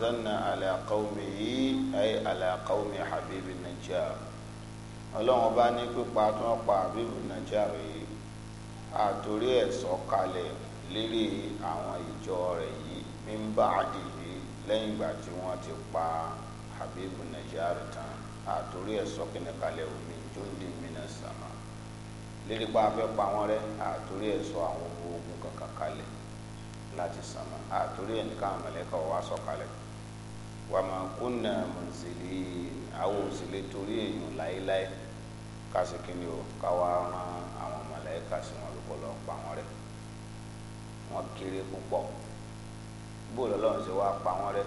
zanna ala qawmihi ay ala qawmi habibi najjar ọlọ́run bá ní pípa tí wọ́n pa habibi najjar yìí àtòrí ẹ̀ sọ̀kalẹ̀ lérí àwọn ìjọ rẹ̀ yìí mímbà àdìyí lẹ́yìn ìgbà tí wọ́n ti pa habibu najjar tán àtòrí ẹ̀ sọ̀kìnìkalẹ̀ omi jóńdì mìíràn sàmà lérí pa afẹ́ pa wọ́n rẹ́ àtòrí ẹ̀ sọ àwọn ogun kankan kalẹ̀ láti sàmà àtòrí ẹ̀ ní káwọn mọ̀lẹ́kọ̀ wá sọ̀kalẹ̀. So wàmà kúnà mùsùlì àwọn òsìlè torí èèyàn láéláé kásìkìnì ò káwá rán àwọn màláíkà sí wọn lóko lọ pa wọn rẹ́ wọn kéré púpọ̀ bóòlù Ọlọ́run ṣe wá pa wọn rẹ́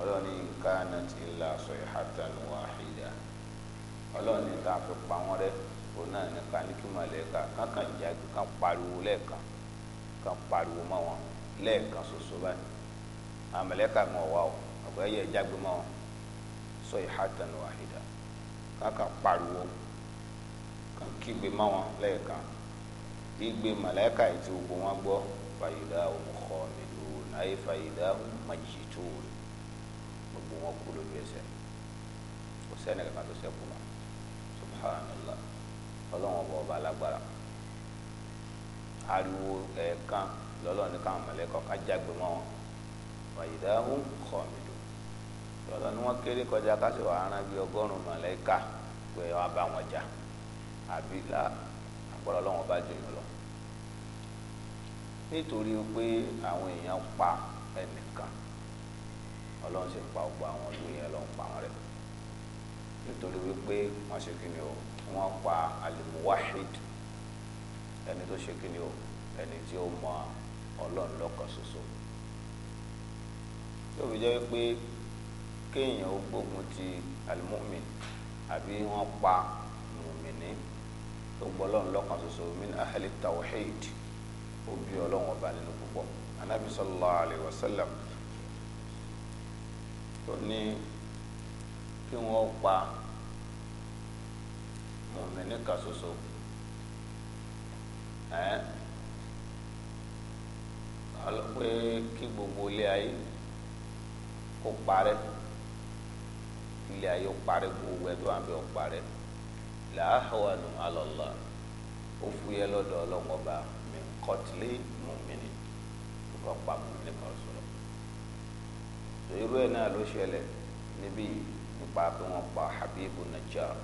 Ọlọ́run ní kanat illa sayhatan wahida Ọlọ́run ní ká fi pa wọn rẹ́ òun náà ní ká ní kankan jáde kan pariwo lẹ́ẹ̀kan kan pariwo mọ́ wọn lẹ́ẹ̀kan ṣoṣo báyìí àmàlẹ́kà ń wọ̀ wá o pé ẹyẹ jágbe mọ́ sọ ìhàtàn wàhídà káka pariwo kàn kígbe mọ́ wọn lẹ́ẹ̀kan igbe màláìka ètò ogun wọn gbọ́ fàyídà òmùkọ nílùú náà fàyídà òmùmájìtò gbogbo wọn kú lójú ẹsẹ̀ kò sẹ́ni kankan tó ṣẹ́kù mọ́ subhanallah ọlọ́wọ́n bọ̀ ọba alágbára ariwo ẹ̀ẹ̀kan lọ́lọ́ọ̀ni káwọn mọ̀lẹ́kọ̀ọ́ ká wọn fàyídà òmùkọ mi ọ̀rọ̀ ni wọ́n kéré kọjá ká sì wà aràn bíi ọgọ́rùn-ún mọ̀lẹ́kà pé wọ́n á bá wọn jà àbí là àgbọ̀rọ̀ ọlọ́wọ́n bá jù yín lọ. nítorí pé àwọn èèyàn pa ẹnìkan ọlọ́run sì pa gbogbo àwọn ìlú yẹn lọ́n pa wọn rẹ̀ nítorí wípé wọ́n ṣe kí ni o wọ́n pa alimuwahid ẹni tó ṣe kí ni o ẹni tí ó mọ ọlọ́run lọ́kàn ṣoṣo. tó fi jẹ́ pé kéèyàn ó gbógun ti alimomin àbí wọ́n pa mùmìnì tó gbọ́ lọ́n lọ́kàn ṣoṣo min ahli tawhid ó bí ọlọ́run ọba nínú púpọ̀ anabi sallallahu alayhi wa sallam tó ní kí pa mùmìnì kan kí gbogbo ilé ayé kó parẹ́. ilé ayé ó parẹ́ gbogbo ẹ̀ tó wà ń bẹ̀ ó parẹ́ làáhàwà nù alọ́lá ó fúyẹ́ lọ́dọ̀ ọlọ́wọ́n ọba mi kọ́tìlé mùmíní tó kọ́ pa mùmíní kan sọ̀rọ̀ tó irú ẹ̀ náà ló ṣẹlẹ̀ níbí nípa bí wọ́n pa Habibu Najjar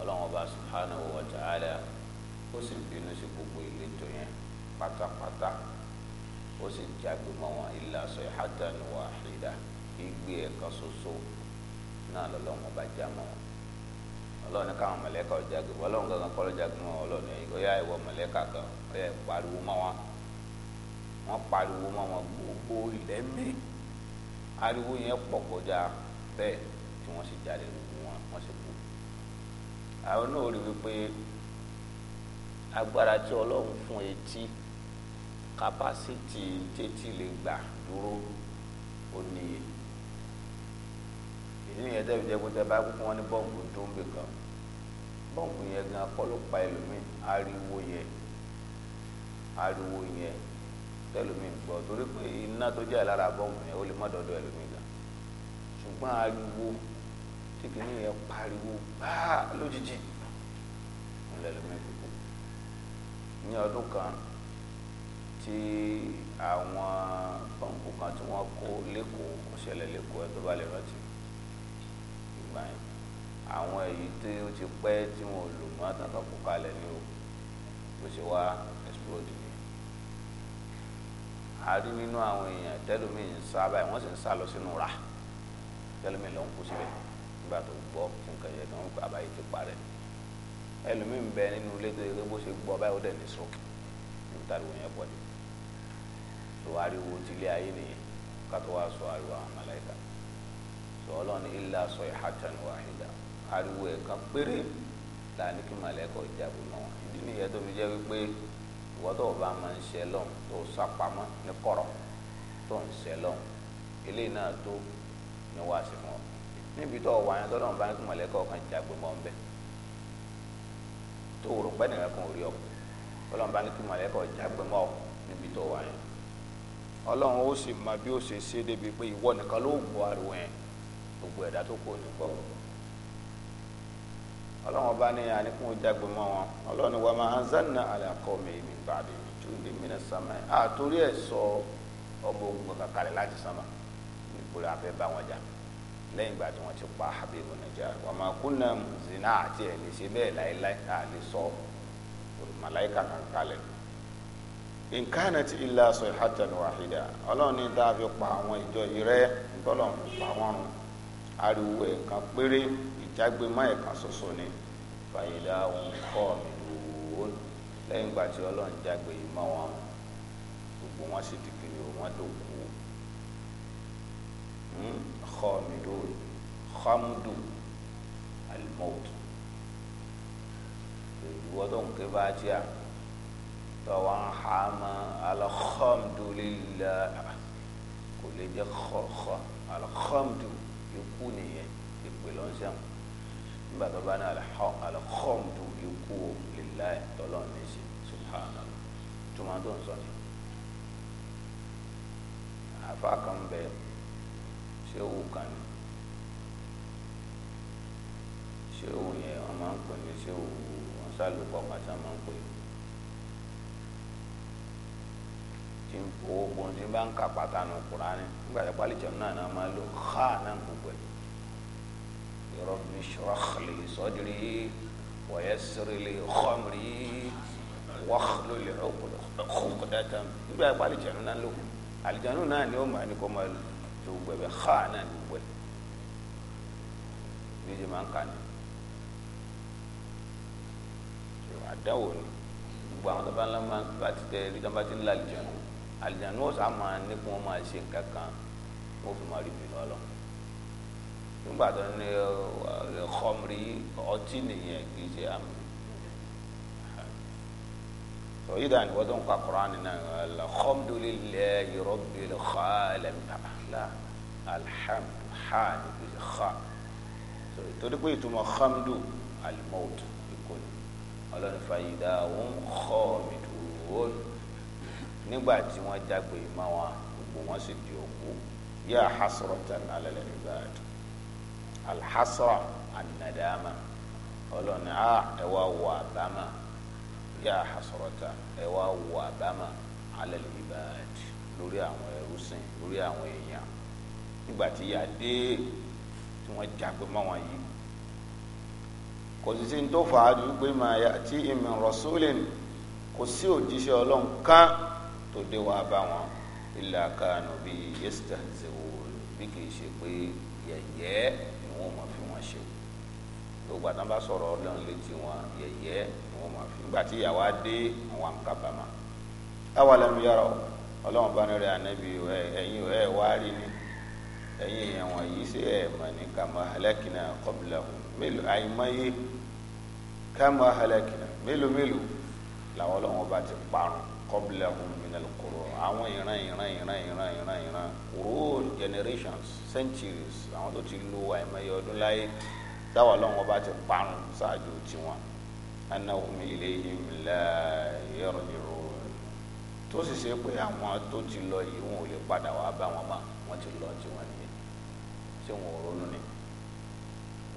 ọlọ́wọ́n ọba subhanahu wa ta'ala ó sì bínú sí gbogbo ìletò yẹn pátápátá ó sì jágbe mọ́ wọn ìlà sayhatan wahida igbe ẹ̀ka ṣoṣo náà lọ́lọ́run ọba já mọ́ wọn ọlọ́run ní káwọn mọ̀lẹ́kà ọ̀jáde wọn ọlọ́run gangan kọ́ lọ́jáde mọ́ ọlọ́run yìí ó yá ìwọ mọ̀lẹ́kà gan ó yá ìpariwo mọ́ wọn wọ́n pariwo mọ́ wọn gbogbo ilẹ̀ mi ariwo yẹn pọ̀ kọjá bẹ́ẹ̀ tí wọ́n sì jáde lójú wọn wọ́n sì kú àwọn náà rí wípé agbára tí ọlọ́run fún etí kapásítì tètè lè gbà dúró ó níye ìdí nìyẹn tẹ́ fi jẹ́ pé tẹ́ bá kúkú wọn ní bọ́ǹbù tó ń bè kan bọ́ǹbù yẹn gan kọ́ ló pa ẹlòmíì ariwo yẹn ariwo yẹn tẹlòmíì gbọ́ torí pé iná tó jẹ́ lára bọ́ǹbù yẹn ó lè má dọ́dọ̀ ẹlòmíì gan ṣùgbọ́n ariwo tí kìíní yẹn pariwo báà lójijì ńlẹ̀ ẹlòmíì kúkú ní ọdún kan tí àwọn bọ́ǹbù kan tí wọ́n kó lẹ́kọ̀ọ́ ó lẹ́kọ̀ọ́ ẹ tó bá lè rántí gbà yẹn àwọn èyí tí ó ti pẹ́ tí wọn ò lò mọ́ tán kó kalẹ̀ ní o bó ṣe wá explode ni a rí nínú àwọn èèyàn tẹlómìn ń sá báyìí wọ́n sì ń sá lọ sínú ra tẹlómìn ló ń kú síbẹ̀ nígbà tó gbọ́ tí nǹkan yẹn tó ń gbà báyìí ti parẹ́ ẹlòmíì ń bẹ nínú ilé tó yẹ kó bó ṣe gbọ́ báyìí ó dẹ̀ ní stroke níbi táriwo yẹn pọ̀ dé tó ariwo tilé ayé nìyẹn ká wá sọ ariwo àwọn màláíkà sọlọ ni ilà sọ ìhàtàn wàhídà ariwo ẹ̀ka péré la ní kí màlẹ́kọ̀ ìjàgbó náà ìdí nìyẹn tó fi jẹ́ wípé ìwọ tó o bá máa ń ṣe lọ́hùn tó o sápamọ́ ní kọ̀rọ̀ tó ń ṣe lọ́hùn eléyìí náà tó ní wàá sí fún ọ níbi tó wà yẹn tọ́lọ́run bá kí màlẹ́kọ̀ kan ìjàgbó mọ́ ń bẹ̀ tó rò pẹ́ nìkan kan rí ọ tọ́lọ́run bá kí màlẹ́kọ̀ ìjàgbó mọ́ ọ níbi tó wà yẹn ọlọ́run ó sì mọ bí ó ṣe ṣe débi pé ìwọ nìkan ló gbọ́ ariwo yẹn gbogbo ẹ̀dá tó kù ní pọ̀ ọlọ́run ọba ní àníkún wọn ni ma anzalna ala qawmi min ba'di min jundin minas samai àtòrí ẹ̀ sọ ọgbọ́n ogun kàkàlẹ̀ láti sánmà nípòlẹ̀ afẹ́ bá wọn jà lẹ́yìn ìgbà tí wọ́n ti pa Habibu Najjar zina àti ẹ̀ lè ṣe bẹ́ẹ̀ láéláé sọ ọlọ́run ní pa àwọn ìjọ ìrẹ́ ariwo ẹ̀kan péré ìjágbémọ́ ẹ̀kan ṣoṣo ni fàyèlà ohun kọ́ mi lòun lẹ́yìn ìgbà tí ọlọ́run jágbe mọ́ wọn gbogbo wọn sì di kiri wọn dòkú hmm? kọ́ mi lòun khamdu almout ìwọ́dọ̀ ń ké bá jíà tọ́wọ́ ń ha mọ́ alhamdulilayi kò lè jẹ́ kọ́ kọ́ alhamdulilayi ikú nìyẹn ìpè lọ́sẹ̀ mu nígbà tó bá ní alhamdu ikú lillahi tọ́lọ́run ní ṣe subhanahu tuma tó ń sọ ni àfa kan bẹ ṣé òwú kan ni ṣé yẹn wọn máa ń pè ní ṣé wọn sálùkọ pàṣẹ máa ń pè ní. tí ń kó ogun tí ń bá ń ka pàtàkì kúránì nígbà tí pálíjà náà náà máa lò ha náà gbogbo ẹ̀ rabbi shrah li sadri wa yassir li khamri wahlul 'uqdatan nígbà tí pálíjà náà lò àlìjà náà ni ó máa ní kó máa lò gbogbo ẹ̀ ha náà gbogbo ẹ̀ méjì máa ń kà ní àdáwò ni gbogbo àwọn tó bá ń lá máa ń bá ti tẹ ẹni àlìjánu ọ̀sán àmọ́ ní kí wọ́n máa ṣe nǹkan kan wọ́n fi máa rí bínú ọlọ́run nígbà tó ní ọkọmrí ọtí nìyẹn kì í ṣe àmì tó yí dàní wọ́n tó ń ka Kùránì náà alhamdulillahi rabbil alamin alhamdulilayi kì í ṣe xa torí pé ìtumọ̀ hamdu alimọ́tò ìkọlù ọlọ́run fàyídà òun xọ́ọ̀mì tó nígbà tí wọ́n jágbe mọ́ wọn gbogbo wọn sì di òkú yá hasratan ala al-ibad alhasra anadama ọlọ́ni a ah, ẹ wá wọ àbámà yá hasratan ẹ wá wọ àbámà ala al-ibad lórí àwọn ẹrú sìn lórí àwọn èèyàn nígbà tí yà dé tí wọ́n jágbe mọ́ wọn yìí kò sì sí ní tó fàá ju pé màá yà tí min rasulin kò sí òjíṣẹ́ ọlọ́run kan tó dé wá bá wọn ilà kanu bíi yestahzewo bí kì í ṣe pé yẹ̀yẹ́ ni wọ́n máa fi wọn ṣe gbogbo àtàn bá sọ̀rọ̀ ọlọ́run létí wọn yẹ̀yẹ́ ni wọ́n máa fi gbà tí ìyàwó á dé àwọn àǹkàbàmà táwa lẹ́nu yàrá ọlọ́run bá nílẹ̀ ànábì ẹ̀yin ẹ̀ wá rí ni ẹ̀yin èèyàn wọ̀nyí ṣe ẹ̀ mọ̀ ní kàmá halakina qablahum mélòó àìmọye kàmá halakina mélòó mélòó làwọn ọlọ́run bá ti parun qablahum al-quru àwọn ìran ìran ìran ìran ìran ìran ruul generations centuries àwọn tó ti lo àìmọye ọdún láyé táwọn ọlọ́run ọba ti parun ṣáájú tiwọn annahum ilayhim la yarji'un tó sì ṣe pé àwọn tó ti lọ yìí wọn ò lè padà wá bá wọn mọ́ wọn ti lọ tiwọn nìyẹn tí wọn ò ronú ni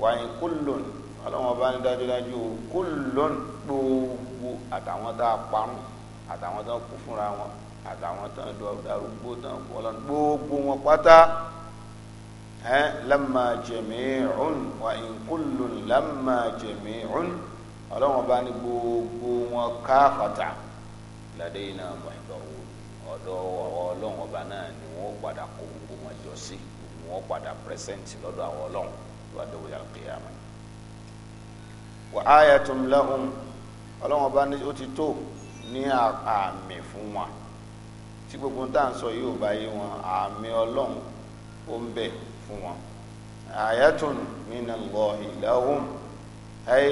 wàyí kullun ọlọ́run ọba ní dájúdájú kullun gbogbo àtàwọn tá a parun àtàwọn tó ń kú fúnra wọn àtàwọn tó ń darúgbó tó ń kú ọlọ́run gbogbo wọn pátá ẹ lamma jami'un wa in kullun lamma jami'un ọlọ́run bá ní gbogbo wọn káfàtà ladayna muhdarun ọ̀dọ̀ ọlọ́run ọba náà ni wọ́n padà kó gbogbo wọn jọ sí wọ́n padà pẹ́sẹ́ǹtì lọ́dọ̀ àwọn ọlọ́run lọ́dọ̀ wíyà al-qiyamah wa ayatun lahum ọlọ́run ọba ní ó ti tó ní àmì fún wọn tí gbogbo tá à ń sọ yìí ò bá yé wọn àmì ọlọ́run ó ń bẹ fún wọn ayatun minallahi lahum ayé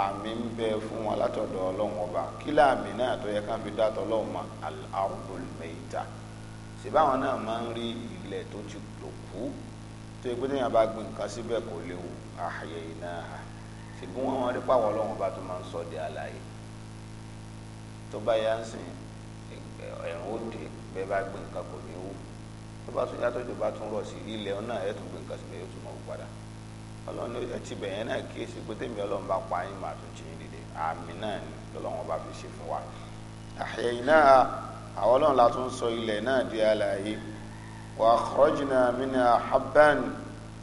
àmì ń bẹ fún wọn látọ̀dọ̀ ọlọ́run ọba kí láàmì náà tó yẹ kán fi dátọ̀ ọlọ́run mọ́ al-ardul mayta ṣèbáwọn náà máa ń rí ilẹ̀ tó ti lòkú tó yẹ pé téèyàn bá gbin nǹkan síbẹ̀ kò léwu ààyè náà ṣùgbọ́n wọn rí pàwọ́ ọlọ́run ọba tó máa ń sọ di àlàyé tó bá yá ń sìn ẹ̀rùn òde bẹ́ẹ̀ bá gbé nǹkan kò ní wù tó bá tún yàtọ̀ tó bá tún rọ̀ sí ilẹ̀ ọ̀nà ẹ̀ tún gbé nǹkan sí bẹ́ẹ̀ yóò tún mọ̀ padà ọlọ́run ẹ ti bẹ̀yẹn náà kíyèsí pé tèmi ọlọ́run bá pa yín máa tún jìn dìde àmì náà ni lọ́lọ́run bá fi ṣe fún wa àṣẹ iná àwọn ọlọ́run la tún sọ ilẹ̀ náà di alààyè wà kọ́jìnà mínà habban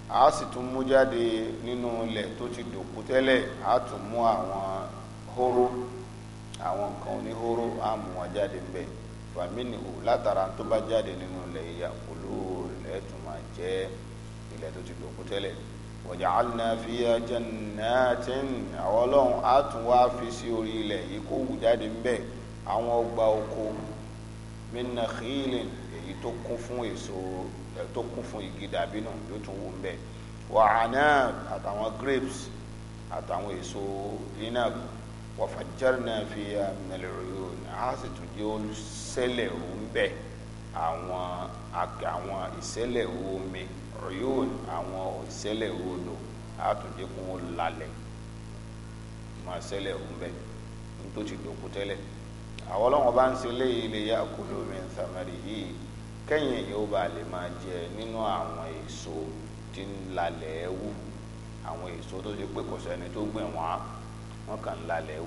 a sì tún mú jáde nínú ilẹ̀ tó ti dòkú tẹ́lẹ̀ a tún mú àwọn hóró àwọn nǹkan oníhóró àmú wọn jáde ń bẹ fàmínì hù látara tó bá jáde nínú ilẹ̀ ìyá olóòrè ẹ̀tún máa jẹ́ ilẹ̀ tó ti lòkú tẹ́lẹ̀ waja'alna fiha jannatin àwọn ọlọ́run á tún wá fi sí orí ilẹ̀ yìí kó wù jáde ń bẹ àwọn ọgbà oko min nakhilin èyí tó kún fún èso tó kún fún igi dàbínù yóò tún wù ń bẹ wa àtàwọn grapes àtàwọn èso inab wàfàjárìnà fi àmìnàlẹ̀ òyìn a sì tún jẹ́ olùsẹ́lẹ̀ òǹbẹ̀ àwọn àwọn ìsẹ́lẹ̀ omi òyìn àwọn ìsẹ́lẹ̀ odò a tún jẹ́ kó wọn lálẹ̀ máa sẹ́lẹ̀ òǹbẹ̀ tó ti dòkú tẹ́lẹ̀ àwọn ọlọ́wọ́n bá ń ṣe léyìí lè yá kúló min samari yìí kẹ́yìn èyí ó ba lè máa jẹ nínú àwọn èso tí ń lalẹ̀ ẹ̀wù àwọn èso tó ṣe pé kò sẹ́ni tó gbìn wọ́n á wọn kàn lálẹ́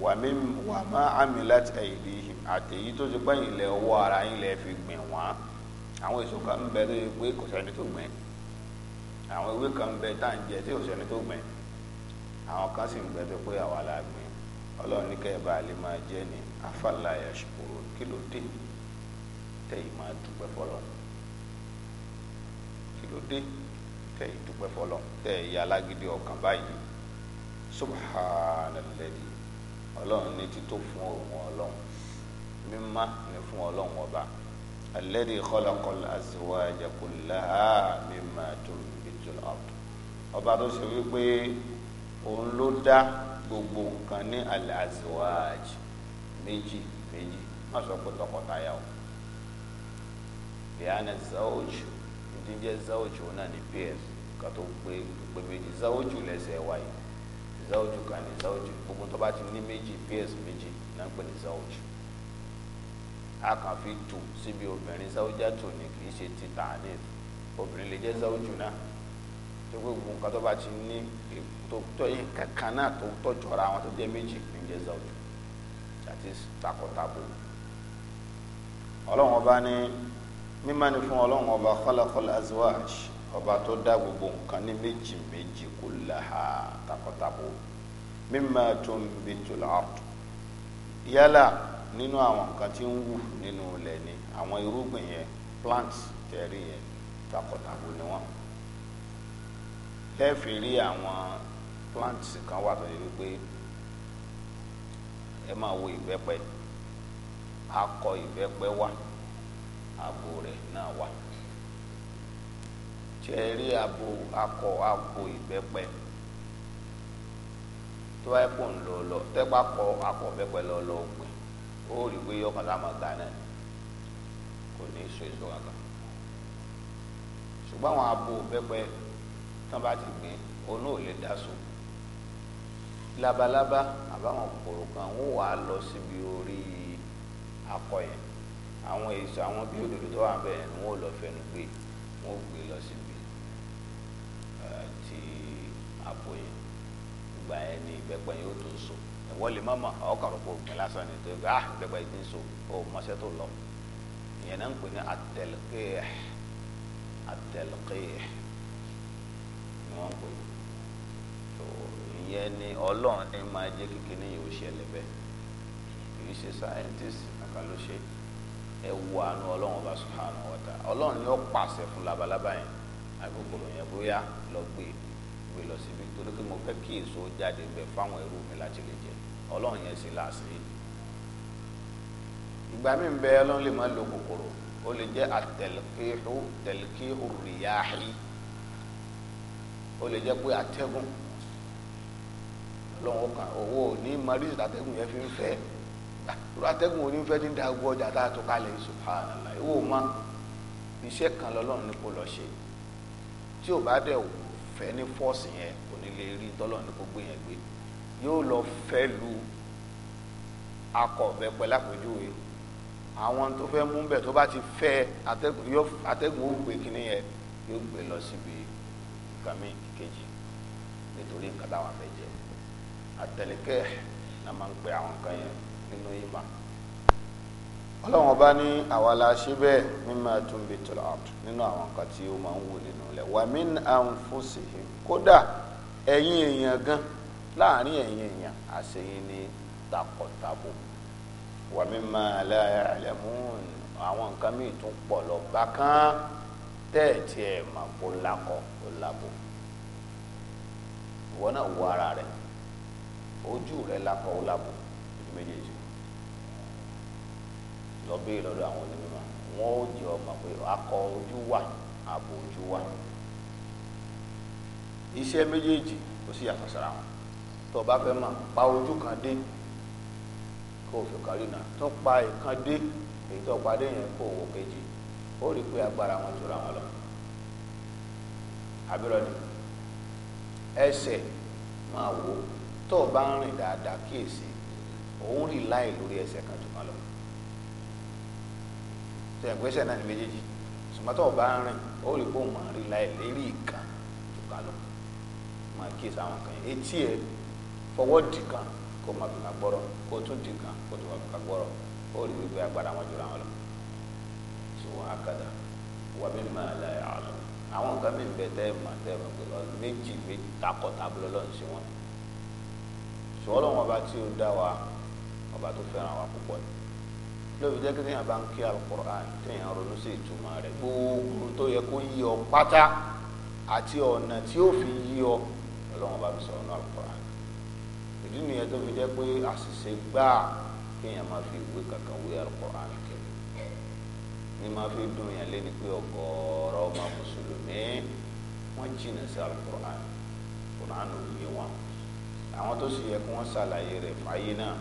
wò ni wà má àmì láti ẹ̀yìndì yìí àtẹ̀yí tó ti pẹ́ ilẹ̀ ọwọ́ ara yín lẹ́ fi gbìn wọ́n àwọn èso kan ń bẹ tó yẹ pé kò sẹ́ni tó gbìn àwọn ewé kan ń bẹ tá à ń jẹ tí kò sẹ́ni tó gbìn àwọn kan sì ń bẹ tó pé àwa la gbìn ọlọ́run ní kẹ́ẹ̀ lè máa jẹ́ ni afáláyà ṣòro kí ló dé tẹ̀yìn máa dúpẹ́ fọlọ́ kí ló dé tẹ̀yìn dúpẹ́ fọlọ́ tẹ̀yìn alágídí ọkàn báyìí subhanalladhi ọlọ́run ní tító fún òun ọlọ́run mímá ní fún ọlọ́run ọba alladhi khalaqal azwaja kullaha mimma tunbitul ard ọba tó ṣe wípé òun ló dá gbogbo nǹkan ní al-azwaj méjì méjì má sọ pé tọkọtaya o ìyáàna zawj ìdíjẹ zawj òun náà ní ps kàtó pé pé méjì zawj lẹsẹ wáyé zawju kan ní zawju gbogbo tó bá ti ní méjì ps méjì náà pè ní zawju a kàn fi tù síbi obìnrin zawja tù ní kì í ṣe ti tààní obìnrin lè jẹ́ zawju náà tó gbogbo nǹkan tó bá ti ní tó tó yẹ kankan náà tó tó jọra àwọn tó jẹ́ méjì ní jẹ́ zawju àti takọtabo ọlọ́run ọba ní mímọ́ ni fún ọlọ́run ọba khalaqal azwaj ọba tó dá gbogbo nǹkan ní méjì méjì kò láha takọtabo mímà tó ń bi tòlá ọ̀tún yálà nínú àwọn nǹkan tí ń wù nínú ilẹ̀ ni àwọn irúgbìn yẹn plants tẹ̀rí yẹn takọtabo ni wọ́n lẹ́ẹ̀fì rí àwọn plants kan wà tó yẹ wípé ẹ máa wo ìbẹ́pẹ akọ ìbẹ́pẹ wà àgbo rẹ̀ náà wà tẹ̀rí abo akọ abo ìbẹ́pẹ tó wáyé kò ń lọ lọ tẹ́pá kọ akọ ìbẹ́pẹ lọ lọ gbìn ó rí i pé yọkàn láàmú gbà náà kò ní í so èso kankan ṣùgbọ́n àwọn abo ìbẹ́pẹ tán bá ti gbìn òun ò lè dá so labalábá àbáwọn kòkòrò kan ń wà lọ síbi orí akọ yẹn àwọn èso àwọn bí òdòdó tó wà bẹ́ẹ̀ ni wọ́n lọ fẹnu gbé wọ́n gbé lọ síbi àpò yìí ìgbà yẹn ni ìbẹ́pẹ yóò tó so ìwọ lè má mọ ọkàrọ̀pọ̀ ògbìn lásán ni tó gbà ah, ìbẹ́pẹ yìí ti ń so ó mọṣẹ́ tó lọ ìyẹn náà ń pè ní àtẹlẹkẹ́ àtẹlẹkẹ́ ni wọ́n ń pè tó ìyẹn ni ọlọ́run ní máa jẹ́ kékeré yìí ó ṣẹlẹ̀ bẹ́ẹ̀ kì í ṣe sáyẹ́ntìsì kàkà ló ṣe ẹ wo àánú ọlọ́run ọba subhanahu wa ta'ala ọlọ́run ni ó pàṣẹ fún labalábá yẹn àgbègbè yẹn bóyá lọ gbé e gbé lọ síbi torí pé mo fẹ́ kí èso jáde bẹ̀ fáwọn ẹrú mi láti lè jẹ ọlọ́run yẹn sì láàṣírí ìgbà mi ń bẹ ọlọ́run lè má lo kòkòrò ó lè jẹ́ àtẹ̀lẹ́kíhù tẹ̀lẹ́kíhù rìyáhì ó lè jẹ́ pé àtẹ́gùn ọlọ́run kan owó ní marisi àtẹ́gùn yẹn fi ń fẹ́ irú àtẹ́gùn òní fẹ́ ní dàgbọ́ ọjà tá a tó kalẹ̀ subhanallah ìwọ ma iṣẹ́ kan lọ́lọ́run ní kò lọ ṣe tí ò bá dẹ̀ wò fẹ́ ní fọ́ọ̀sì yẹn kò ní lè rí tọ́lọ́run ní kó gbé yẹn gbé yóò lọ fẹ́ lu akọ̀bẹ pẹ̀lú àpèjúwe àwọn tó fẹ́ mú bẹ̀ tó bá ti fẹ́ atẹ́gùn ó gbé kínní yẹn yóò gbé lọ síbi nǹkan kejì nítorí nǹkan táwọn afẹ́ jẹ àtẹlẹkẹ́ la máa ń pè àwọn nǹkan yẹn nínú ìmọ̀ ọlọ́run ọba ní àwa la ṣe bẹ́ẹ̀ mimma tunbitul ard nínú àwọn nǹkan tí ó máa ń wù nínú ilẹ̀ wa min anfusihim kódà ẹ̀yin èèyàn gan láàrin ẹ̀yin èèyàn àṣeyìn ní takọ̀tabo wa mimma la ya'lamun àwọn nǹkan míì tún pọ̀ lọ bákan tẹ́ẹ̀tì ẹ̀ mà kó lakọ̀ kó labo ìwọ náà wọ ara rẹ ojú rẹ lakọ̀ labo ojú méjèèjì. lọ béèrè lọ́dọ̀ àwọn onímọ̀ wọn ó jẹ ọmọ pé akọ ojú wà ààbò ojú wà iṣẹ́ méjèèjì kò sí yàtọ̀ sára wọn tó o bá pa ojú kan dé kó o fi kárí náà tó pa ìkan dé èyí tó pa dé yẹn kó o wò kejì ó rí i pé agbára wọn wọn lọ àbúrò ni ẹsẹ máa wò tó o bá ń rìn dáadáa kíyèsí òun rí tẹ ẹgbẹ́sẹ̀ náà ní méjèèjì sùmọ́tò ọba ń rìn ó rí bóun máa rí láì lérí ìkan tó ká lọ máa kíyèsí àwọn kan yẹn etí ẹ fọwọ́ dì kan kó máa fi kà gbọ́rọ̀ kó tún dì kan kó tún máa fi kà gbọ́rọ̀ ó rí wípé agbára wọn jùlọ àwọn lọ sùwọ́n akadà wà mí máa la ẹ̀ àlọ́ àwọn nǹkan mi bẹ tẹ́ ẹ̀ máa tẹ́ ẹ̀ lọ méjì méjì takọ̀ tabulọ́ lọ́n sí wọn sùwọ́n lọ́wọ́n ọba tí ó dá wa ọba tó fẹ́ràn wa púpọ̀ ni lóbi jẹ́ kí téèyàn bá ń kí alukur'an téèyàn ronú sí ìtumọ̀ rẹ̀ gbogbo tó yẹ kó yí ọ pátá àti ọ̀nà tí ó fi yí ọ ọlọ́run bá mi sọ̀rọ̀ ní alukur'an ìdí nìyẹn tó fi jẹ́ pé àṣìṣe gbáà kéèyàn máa fi ìwé kankan wé alukur'an kiri ní máa fi dùn yàn lẹ́ni pé ọ̀gọ̀ọ̀rọ̀ ọmọ mùsùlùmí wọ́n jìnnà sí alukur'an kur'an ò yé wọn àwọn tó sì yẹ kí wọ́n ṣàlàyé rẹ̀ fàyè náà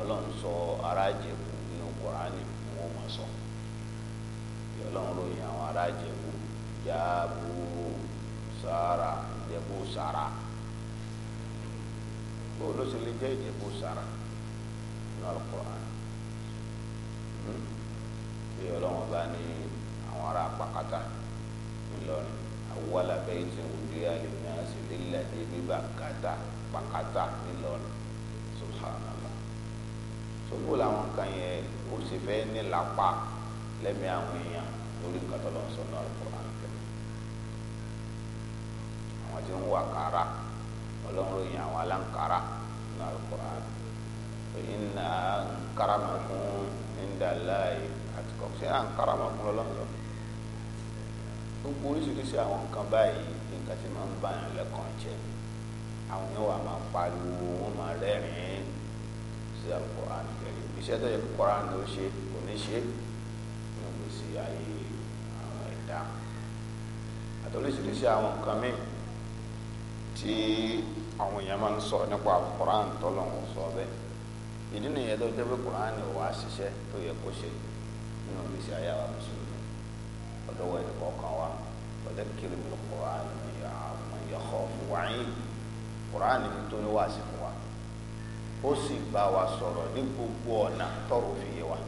ọlọ́run sọ ara jẹ̀kú Kùránì wọn mọ̀ sọ bí ọlọ́run ròyìn àwọn ará Ìjẹ̀bú Ìjàbú Sàrà Ìjẹ̀bú Sàrà bó ló ṣe lè jẹ́ Ìjẹ̀bú Sàrà nínú Al-Kùránì hmm? bí ọlọ́run bá ní àwọn ará pàkátà ńlọrin awọ́lá bẹ́ẹ̀ tí wọ́n dé àlùmí àti lílẹ̀ ní bíbá kàtà pàkátà ńlọrin subhanallah sọ́kúlù àwọn kan yẹn kò sì fẹ́ ní lápá lẹ́mìí àwọn èèyàn lórí nǹkan tó lọ sọ náà lọ́pọ̀ àǹkẹ́ àwọn tí ń wà kára ọlọ́run ròyìn àwọn aláǹkárá náà lọ́pọ̀ àǹkẹ́ inna ankaramakum indallahi àti kọ̀ọ̀sẹ́ ankaramakum lọ́lọ́run gbogbo oríṣiríṣi àwọn nǹkan báyìí nǹkan tí máa ń bá yàn lẹ́kàn jẹ́ àwọn yẹn wà máa pariwo wọ́n máa rẹ́rìn-ín sí àlùkò àǹkẹ́rì iṣẹ́ tó yẹ kó kọ́ra ló ṣe kò ní ṣe ní gbèsè ayé àwọn ẹ̀dá àtọ́lẹ́sìlẹ́sì àwọn nǹkan míì tí àwọn èèyàn máa ń sọ nípa Quran tọ́lọ́hún sọ bẹ́ẹ̀ ìdí nìyẹn tó jẹ́ pé Quran wà ṣiṣẹ́ tó yẹ kó ṣe nínú gbèsè ayé àwọn mùsùlùmí ọ̀dọ́ wẹ̀ nìkan kan wa ọ̀dẹ́ kiri mi Quran yà á mọ̀ yà fún wáyé Quran ni tó ní wá sí fún wa. ó sì bá wa sọ̀rọ̀ ní gbogbo ọ̀nà tọrọ fi yé wa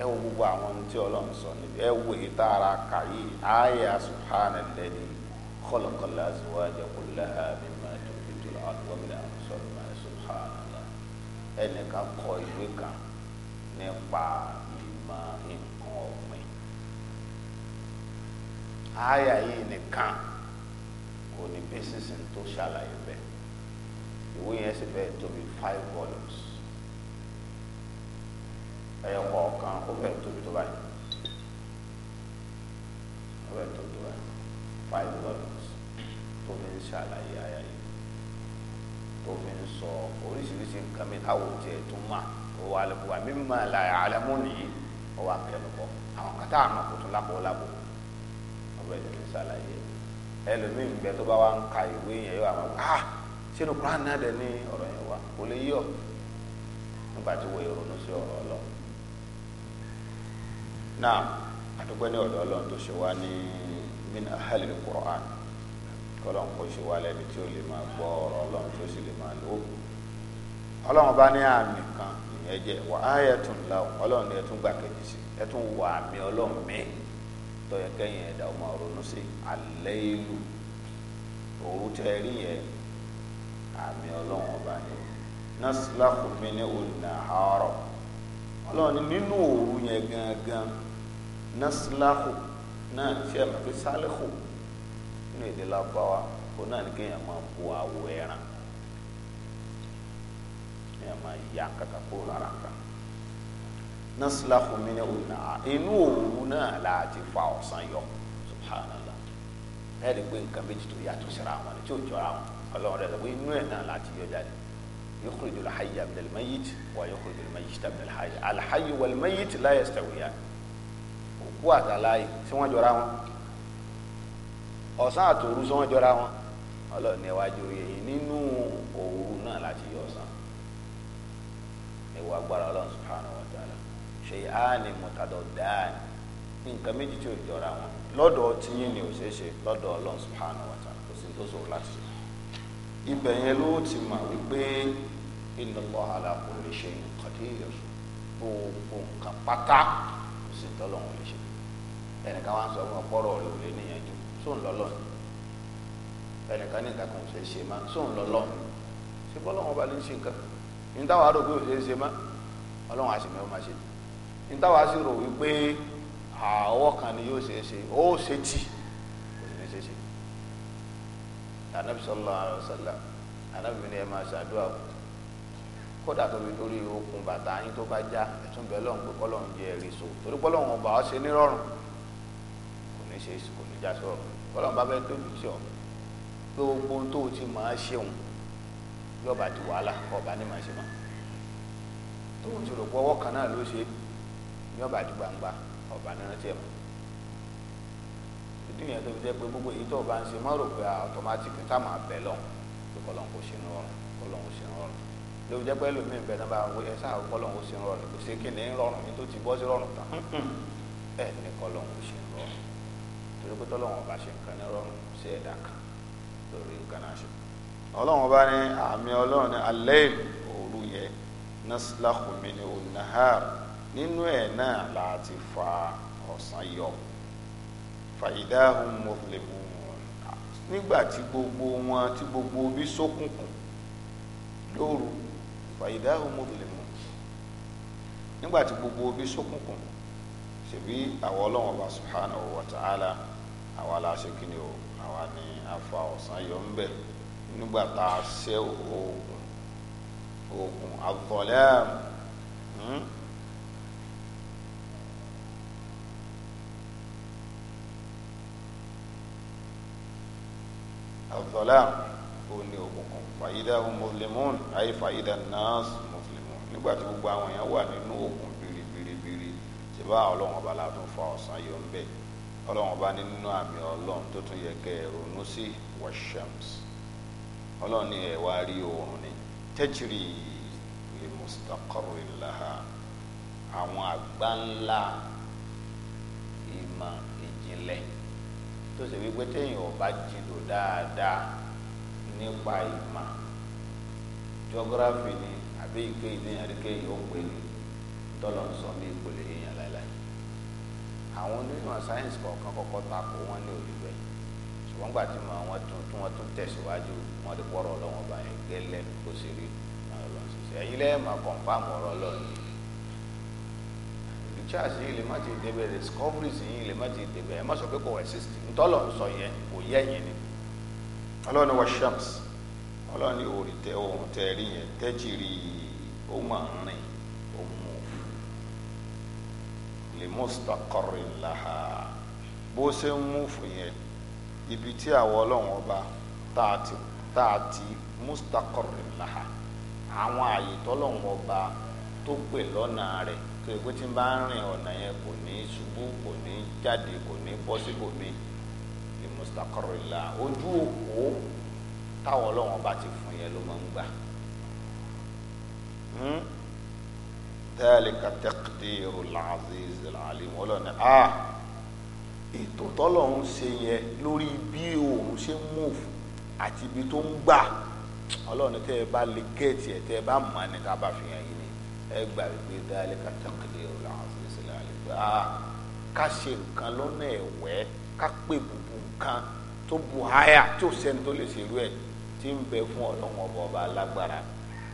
ẹ wo gbogbo àwọn tí ọlọ́run sọ níbi ẹ wo ìta ara kà yìí àyà subhana alladhi khalaqal azwaja kullaha mimma tunbitul ardu wa min anfusiha subhanallah kọ ìwé kan nípa ìmọ̀ nǹkan ọ̀gbìn àyà yìí nìkan kò ní tó ṣàlàyé bẹ́ẹ̀. ìwé yẹn sì fẹ́ tóbi five volumes ẹyọ kọ̀ọ̀kan kó fẹ́ tóbi tó báyìí kó fẹ́ tóbi tó báyìí five volumes tó fi ń ṣàlàyé ayá yìí tó fi ń sọ oríṣiríṣi nǹkan mi táwọn ò tiẹ̀ tún mà ó wà lẹ́kọ̀ọ́ wa mímọ́ àlàyé àlẹ́mú nìyí ó wà kẹ́nu kọ́ àwọn kátà àmọ́ kò tún lápò lápò ọbẹ̀ tó fi ṣàlàyé ẹlòmíì ń bẹ tó bá wà ń ka ìwé yẹn yóò àwọn ah. sínú Quran náà dẹ̀ ní ọ̀rọ̀ yẹn wà kò lè yọ nígbà tí wọ́n ronú sí ọ̀rọ̀ ọlọ́run náà àdúgbò ní ọ̀dọ̀ ọlọ́run tó ṣe wá ní min ahalil Quran kọ́lọ́n kò ṣe wá lẹ́ni tí ó lè máa gbọ́ ọ̀rọ̀ ọlọ́run tó sì lè máa lò ọlọ́run bá ní àmì kan ìyẹn jẹ́ wà á yẹ tún la ọlọ́run ni ẹ tún gbà kejì sí ẹ tún wà àmì ọlọ́run mi tọ́yẹ kẹ́yìn ẹ̀dá ọmọ ronú sí ìlú àmì ọlọ́run ọba ni nasilaku mi ní olùdàhárọ̀ ọlọ́run ní nínú òru yẹn gangan nasilaku náà tí ẹ̀ máa fi sálẹ̀kù nínú èdè lábáwá òun náà ní kéèyàn máa bu awọ ẹran kéèyàn máa yá kàkà kúrò lára kan nasilaku mi ní olùdàhárọ̀ inú òru náà láti fa ọ̀sán yọ subhanallah ẹ̀ẹ́dì nǹkan méjì tó yàtọ̀ síra wọn ni tí ò jọra wọn. الله rẹ̀ lọ́wọ́ inú ẹ̀ náà láti yọ jáde yukhriju alhayya min almayit الحي yukhriju almayita min alhayy alhayy wal mayit la yastawiyan òkú àtàláyé tí wọ́n jọra wọn ọ̀sán àtòru tí wọ́n jọra wọn ọlọ́run ní ẹwájú yẹn nínú òru náà láti yọ ọ̀sán ẹwà agbára ọlọ́run subhanahu wa ta'ala shay'ani mutadaddan nǹkan méjì tí ò jọra wọn lọ́dọ̀ tiyín ni ò ṣeé ṣe lọ́dọ̀ ọlọ́run subhanahu wa ta'ala kò sí tó ṣòro láti ṣe ibẹ̀ yẹn ló ti mà wípé inna Allaha ala kulli shay'in qadir gbogbo nǹkan pátá kò sí tọ́lọ́hún lè ṣe ẹnìkan wá ń sọ fún ọpọ́rọ̀ rẹ̀ ò lè níyànjú sóun lọ́lọ́ ẹnìkan ní nǹkan kan ò ṣe é ṣe má sóun lọ́lọ́ ṣé bọ́lọ́hún ọba lè ṣe nǹkan ní táwa rò pé ò ṣe é ṣe má ọlọ́run àṣìmẹ́ ó máa ṣe ní táwa sì wípé àwọ̀ kan ni yóò ṣe é ṣe ó ṣe tì í anabi sallallahu alaihi wasallam anabi ni ẹ máa ṣàdúrà kù kódà tóbi lórí okùn bàtà yín tó bá já ẹtún bẹ́ẹ̀ lọ́hùn pé kọ́lọ́hùn jẹ ẹ̀rí so torí kọ́lọ́hùn ọba ọ̀ṣẹ́ nírọ̀rùn kò ní ṣe kò ní já sọ̀rọ̀ kọ́lọ́hùn bá bẹ́ẹ̀ tóbi tí ọ gbogbo tó o ti máa ṣeun yọba ti wàhálà ọba ni màá ṣe máa tó o ti rò pé ọwọ́ kan náà ló ṣe yọba ti gbangba ọba ni rántí ẹ̀ mọ́ ìdí yẹn tó fi jẹ́ pé gbogbo èyí tó o bá ń ṣe má rò pé automatic tá máa bẹ̀ lọ pé kọlọ́n kò ṣe ń rọrùn kọlọ́n kò ṣe ń rọrùn ló fi jẹ́ pé ẹlòmíì bẹ̀ náà bá wọ ẹ sáà kọlọ́n kò ṣe ń rọrùn kò ṣe kí ni ń rọrùn ní tó ti bọ́ sí rọrùn tán ẹ ní kọlọ́n kò ṣe ń rọrùn torí pé tọ́lọ́wọ́n ọba ṣe nǹkan ní rọrùn sí ẹ̀dá kan lórí nǹkan náà fàyídáhùn mọ̀fìlẹ̀mù nígbà tí gbogbo wọn tí gbogbo bí ṣókùnkùn lóru fàyídáhùn mọ̀fìlẹ̀mù nígbà tí gbogbo bí ṣókùnkùn ṣebí àwọn ọlọ́run ọba subhanahu wa ta'ala àwa la ṣe kí ni o àwa ni afa ọ̀sán yọ ń bẹ̀ nígbà tá a ṣẹ́ oògùn oògùn àgọ́lẹ́mù. az-zalam òun ni òkùnkùn fàyídà mùsùlùmùn àyè fàyídà nas mùsùlùmùn nígbà tí gbogbo àwọn èèyàn wà nínú òkun biribiribiri ṣe bá ọlọ́run ọba látún fa ọ̀sán yọ ń bẹ̀ ọlọ́run ọba nínú àmì ọlọ́run tó tún yẹ kẹ́ ẹ ronú sí washams ọlọ́run ní ẹ̀ rí oòrùn ni tajri li mustaqarrin laha àwọn àgbáńlá ìmọ̀ ìjìnlẹ̀ tó ṣe wípé téèyàn ọba jìnnà dáadáa nípa ìmọ̀ geography ni àbí ike ìdíyàn àdíkè yóò pè ní dọ́là ń sọ mí kò lè yíyan láéláé àwọn onímọ̀ sáyẹ́nsì kọ̀ọ̀kan kọ́kọ́ ta kó wọ́n ní olùgbẹ́ ṣùgbọ́n gbà tí mo àwọn tún tí wọ́n tún tẹ̀síwájú wọ́n ti pọ̀rọ̀ ọlọ́wọ́n bá yẹn gẹ́lẹ́ kó sì rí àwọn ọlọ́run ṣiṣẹ́ ẹ̀yin lẹ́yìn máa kọ̀ǹfàmù ọ̀rọ̀ ọlọ́run yìí research yìí lè má ti débẹ̀ discoveries yìí lè má ti débẹ̀ ẹ má sọ pé kò exist ntọ́lọ̀ ń yẹn kò yẹ yẹn ni ọlọ́run ni wọ́n shams ọlọ́run ni òòrì tẹ ohun tẹ rí yẹn tẹ́jìrì ó máa ń rìn ó mú lè mustaqarrin laha bó ṣe ń mú fún yẹn ibi tí àwọn ọlọ́run ọba tá a ti tá a àwọn àyè tọ́lọ́run ọba tó pè lọ́nà rẹ̀ tó ìgbé tí ń bá ń rìn ọ̀nà yẹn kò ní ṣubú kò ní jáde kò ní bọ́ síbòmí ní mustaqarrila ojú òpó táwọn ọlọ́wọ́n bá ti fún yẹn ló máa ń gbà. Hmm? dhalika taqdirul azizil alim ọlọ́ni a ètò tọ́lọ́hún ṣe yẹn lórí bí òun ṣe move àti ibi tó ń gbà ọlọ́ni tẹ́ ẹ bá lè gẹ̀ẹ́tì ẹ̀ tẹ́ ẹ bá mọ̀ ní ká bá fi yẹn ẹ gbà wípé dáálé kàtàkìlì ọ̀la àfihàn sílẹ̀ àlẹ́ pé a ká ṣe nǹkan lọ́nà ẹ̀wẹ́ ká pè bùbù nǹkan tó bu háyà tí ò tó lè ṣerú ẹ̀ tí ń bẹ fún ọlọ́run ọba ọba alágbára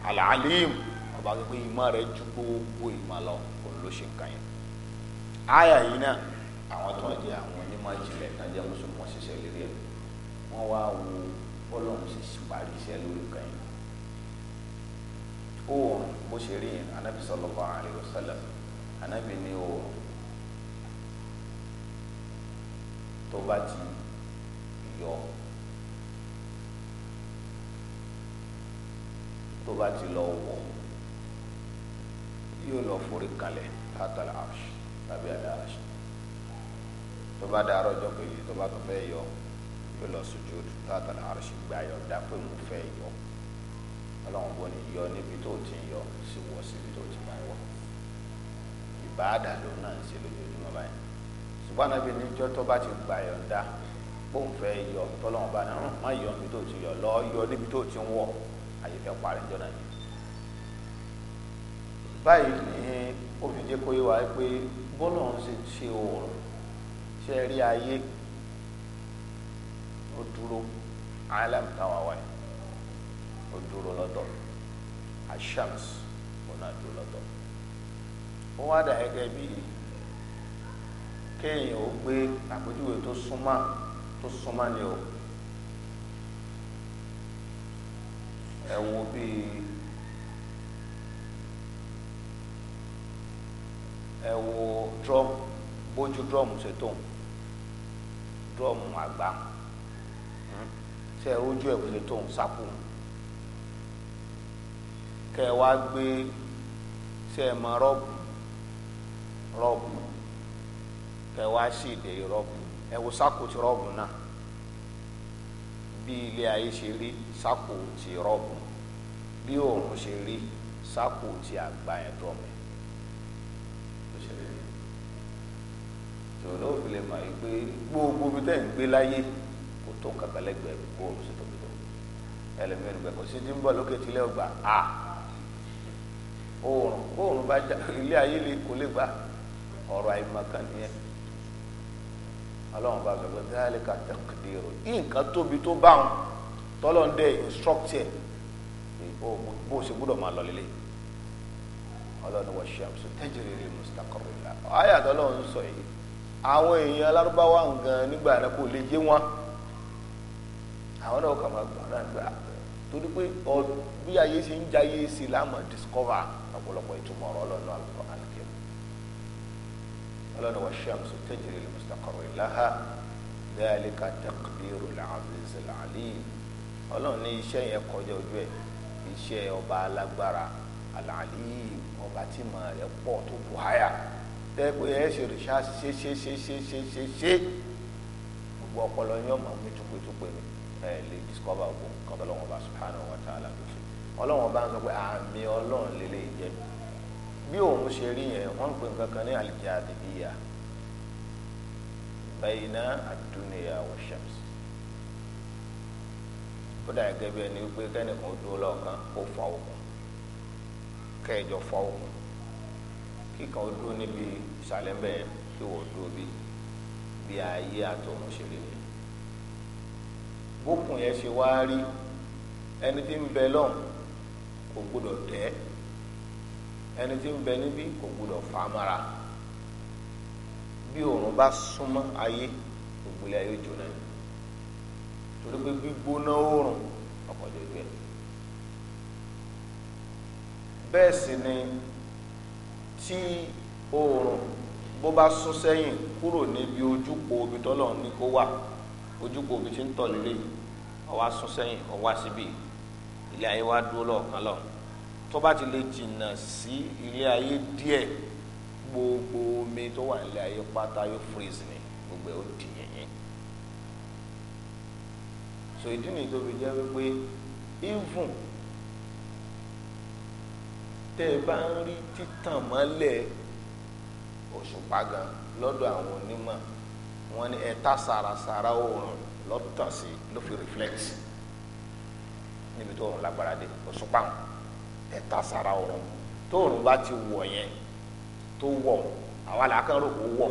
alalim ọba pé ìmọ̀ rẹ̀ ju gbogbo ìmọ̀ lọ kò ló ṣe nǹkan yẹn. háyà yìí náà àwọn tó ń jẹ àwọn onímọ̀ ìjìnlẹ̀ kan jẹ́ ṣiṣẹ́ lérí ẹ̀ wọ́n wá wo bọ́lọ́run ṣe parí iṣẹ́ lórí kan yẹn oòrùn bó ṣe rí yẹn anabi sallallahu alaihi wasallam anabi ní oòrùn tó bá ti yọ tó bá ti lọ wọ yóò lọ forí kalẹ̀ látàlá àṣì tàbí àdá àṣì tó bá dá arọjọ kejì tó bá tó fẹ́ yọ yóò lọ sùjúdù látàlá àṣì gbà yọ mo fẹ́ yọ ọlọ́run bó ni yọ níbi tó ti yọ sí wọ síbi tó ti máa wọ ìbáàdà ló náà ń ṣe lójoojúmọ́ báyìí ṣùgbọ́n anábì níjọ́ tó bá ti gbà yọ̀ǹda bóun fẹ́ yọ tọ́lọ́run bá náà má yọ níbi tó ti yọ lọ yọ níbi tó ti wọ̀ àyè fẹ́ parí jọ náà yìí báyìí ni òfin kó yé wa pé bọ́lọ̀ ń ṣe ṣe òòrùn ṣe rí ayé ó dúró alámì táwọn wáyé ó dúró lọ́tọ̀ ashams òun náà dúró lọ́tọ̀ ó wá dà gẹ́gẹ́ bí kéèyàn ó gbé àpèjúwe tó súnmọ́ tó súnmọ́ ni o ẹ wo bíi ẹ wo drum bójú drum ṣe tó drum àgbà hmm? ṣe ẹ rojú ẹ wọlé tó ń sápò kẹ ẹ wá gbé ṣe ẹ mọ rọ́ọ̀bù rọ́ọ̀bù kẹ ẹ wá sí ìdè rọ́ọ̀bù ẹ wo sáko ti rọ́ọ̀bù náà bí ilé ayé ṣe rí sáko ti rọ́ọ̀bù bí òòrùn ṣe rí sáko ti àgbá ẹ̀dọ́ mi tòun ó fi lè mọ̀ yìí pé gbogbo bí tẹ́ ń gbé láyé kò tó kàkàlẹ́gbẹ̀ẹ́ kó o lọ sí tòun tó ẹlẹ́mìíràn gbẹ̀kọ̀ sí ti ń bọ̀ lókè tilẹ̀ ọgbà a. Ah oòrùn oòrùn bá já ilé ayé lè ọrụ lè gbà ọ̀rọ̀ àìmọ̀kan nìyẹn ọlọ́run bá sọ pé dáhàlì ká tẹ̀kùdé rò nǹkan tóbi tó bá wọn bó o ṣe gbúdọ̀ máa lọ lélẹ̀ ọlọ́run wọ ṣe àmì sọ tẹ́jìrì rè mùsùlùmí la ayé àtọ́lọ́run sọ yìí àwọn èèyàn alárúbáwá nǹkan nígbà kò lè yé wọn àwọn torí pé bí ayé ṣe ń jayé sí láàmú discover ọ̀pọ̀lọpọ̀ ìtumọ̀ ọ̀rọ̀ ọlọ́nà àlùkò àlùkò ọlọ́nà wa shamsu tajri li mustaqarrin laha dhalika taqdirul azizil alim ọlọ́run ní iṣẹ́ yẹn kọjá ojú ẹ̀ iṣẹ́ ọba alágbára al-alim ọba tí mọ̀ rẹ̀ pọ̀ tó bù háyà tẹ́gbẹ́ ẹ ṣe rìṣà ṣe ṣe ṣe ṣe ṣe ṣe gbogbo ọpọlọ yẹn ẹ lè discover gbogbo nǹkan tó lọ́wọ́ bá subhanahu wa ta'ala ló ṣe ọlọ́wọ́n bá ń sọ pé àmì ọlọ́run lélẹ̀ jẹ́ bí òun ṣe rí yẹn wọ́n ń pè nǹkan kan ní al-jadhibiyya bayna ad-dunya wa ó dà gẹ́gẹ́ bí ẹni pé kẹ́nìkan dúró lọ́ọ̀kan kó fa òkun kẹ́ẹ̀jọ fa òkun kíkan dúró níbi ìsàlẹ̀ bẹ́ẹ̀ kí wọ́n dúró bí bí ayé àtọ̀run ṣe rí bókun yẹn ṣe wá rí ẹni tí ń bẹ lọ́n kò gbọdọ̀ tẹ́ ẹni tí ń bẹ níbí kò gbọdọ̀ fà á mara bí òòrùn bá súnmọ́ ayé gbogbo ilé ayé jóná torí pé gbígbóná òòrùn ọ̀pọ̀lọpọ̀ ẹgbẹ́ bẹ́ẹ̀ sì ni tí òòrùn bó bá sún sẹ́yìn kúrò níbi ojúkò omi tọ́lọ̀ ní kó wà ojúkò omi tí ń tọ̀ lélẹ́yìn ọwọ́ asún sẹ́yìn ọwọ́ síbí ilé ayé wa dúró lọ́ọ̀kan lọ tó bá ti lè jìnnà sí ilé ayé díẹ̀ gbogbo omi tó wà nílé ayé pátá yóò freeze ni gbogbo ẹ̀ ó di yẹ̀yẹ́ so ìdí nìyí tó fi jẹ́ wípé even tẹ́ ẹ bá ń rí títàn mọ́lẹ̀ òṣùpá gan lọ́dọ̀ àwọn onímọ̀ wọ́n ní ẹ ta sàràsàrà oòrùn lọ́dún tàn sí ló fi reflect níbi tó òrùn lágbára dé òṣùpá ẹ̀ta sára òrùn tó òrùn bá ti wọ̀ yẹn tó wọ̀ àwa là kàn rò kó wọ̀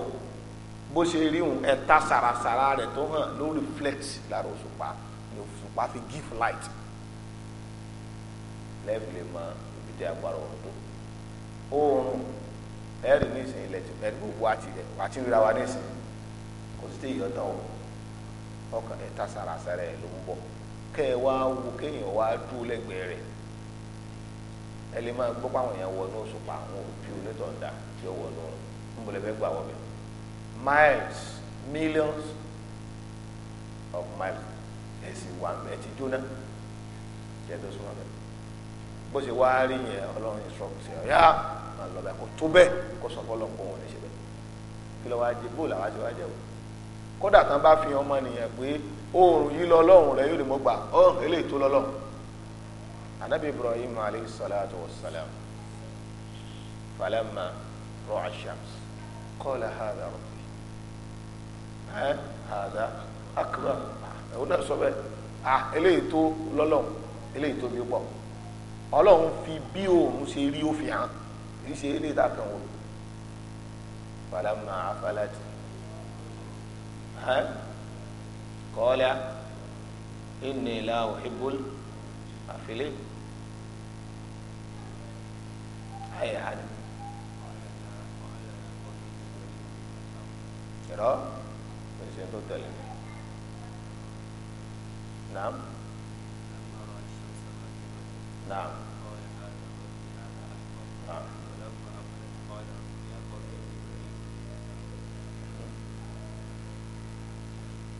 bó ṣe rí òun ẹ̀ta sàràsàrà rẹ̀ tó hàn ló reflect lára òṣùpá ni òṣùpá fi give light lẹ́ẹ̀bìlẹ̀ mọ ìbídí agbára òrùn tó òrùn ẹ̀rì ní ìsìn ilẹ̀ tí ẹ̀rí gbogbo àti rẹ̀ wàá ti ríra wa ní ìsìn kò sí tí ìyọ̀tọ̀ òun ọkàn ẹ̀ tasarasara ẹ̀ ló ń bọ̀ kẹ́ ẹ wá wo kéèyàn wá dúró lẹ́gbẹ̀ẹ́ rẹ̀ ẹ lè máa gbọ́ pàwọn èèyàn wọ inú oṣù pa àwọn òbí onítọ̀ǹda tí ó wọ inú rẹ̀ ń bọ̀lẹ̀ fẹ́ gbà wọ̀bẹ̀ miles millions of miles ẹ̀ sì wà ẹ̀ ti jóná jẹ́ tó sọ wọn bó ṣe wá rí yẹn ọlọ́run instruct ẹ̀ ọ̀yá máa lọ bẹ́ẹ̀ kó tó bẹ́ẹ̀ kó sọ fọ́lọ́ wọn lè ṣe bẹ́ẹ̀ kí ló wá jẹ bóòlù àwọn àti wá jẹ wọ́n kódà tán bá fi ọmọ nìyẹn pé oòrùn yìí lọ lọ́hùn rẹ yóò lè mọ́ gbà ọ́n eléyìí tó lọ lọ́hùn anabi ibrahim alayhi salatu wa salam falamma ru'a shams qala hadha rabbi ẹ hadha akbar ẹ̀wọ́ náà sọ bẹ́ẹ̀ ah eléyìí tó lọ́lọ́hùn eléyìí tó bí pọ̀ ọlọ́run fi bí oòrùn ṣe rí ó hàn kì í ṣe eléyìí tá a kàn wò falamma afalat ها قال إني لا أحب الافلين هيا حد ترى بس يرد نعم نعم نعم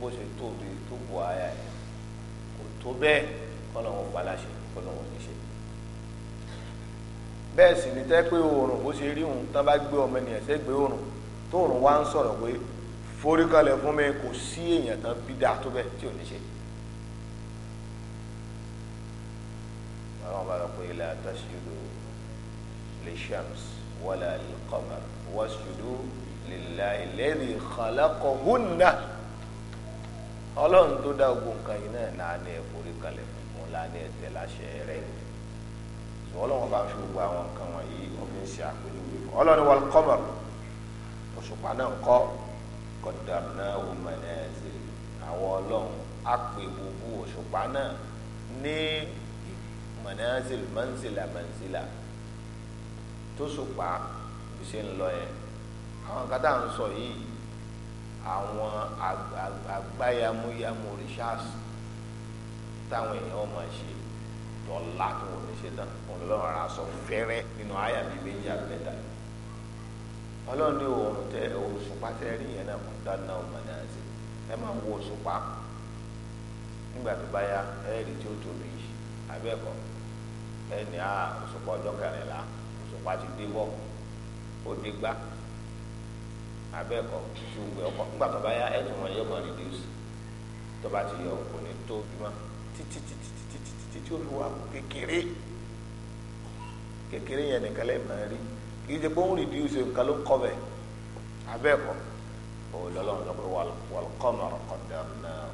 bó ṣe tóbi tó bu àyà ẹ̀ kò tó bẹ́ẹ̀ kọ́nà wọn bá láṣẹ kọ́nà wọn níṣẹ́ bẹ́ẹ̀ sì ni tẹ́ pé oòrùn bó ṣe rí òun tán bá gbé ọmọ ènìyàn sẹ́gbẹ̀ẹ́ oòrùn tó oòrùn wá ń sọ̀rọ̀ pé foríkalẹ̀ fún mi kò sí èèyàn tán bí dáa tó bẹ́ẹ̀ tí ò ní ṣe. àwọn ọba rẹ pé ilẹ̀ àtàṣírò lè shams wala lil qamar wasjudu lillahi alladhi khalaqahunna ọlọ́run tó dá ogun nǹkan yìí náà láàánú ẹ̀ forí kalẹ̀ fún láàánú ẹ̀ tẹ̀ láṣẹ rẹ̀ sọ ọlọ́run bá fi gbogbo àwọn nǹkan wọ̀nyí ó fi ń ṣe àpèjúwe fún ọlọ́run wal qamar òṣùpá náà kọ́ qaddarnahu manazil àwọn ọlọ́run á gbogbo òṣùpá náà ní manazil manzila manzila tó ṣùpá ṣe ń lọ yẹn àwọn kátà ń sọ yìí àwọn agbáyamuyamu rishas táwọn èèyàn máa ṣe dọ́là tó wọ́n ní ṣe tán ọlọ́run ara sọ fẹ́rẹ́ nínú àyà mi méjì àbẹ́dà ọlọ́run ní òòrùn tẹ òṣùpá tẹ rí yẹn náà kó dáná ọmọ náà sí ẹ máa wo òṣùpá nígbà tó bá yá ẹ rí tí ó tóbi abẹ́kọ̀ ẹ ní à ah, òṣùpá ọjọ́ kẹrìnlá òṣùpá ti dé bọ̀ ó dé gbá. abẹ́ẹ̀kọ́ ṣùgbọ́n ọkọ̀ ya tó bá yá ẹ̀tọ́ wọn yóò máa reduce tó bá ti yọ kò ní tó bí wọn títí títí títí títí títí ó fi kékeré kékeré yẹn nìkan lẹ́yìn máa rí kì í ṣe pé ó ń reduce nǹkan ló ń kọ́ lọ́pọ̀ ọ̀kọ̀dà náà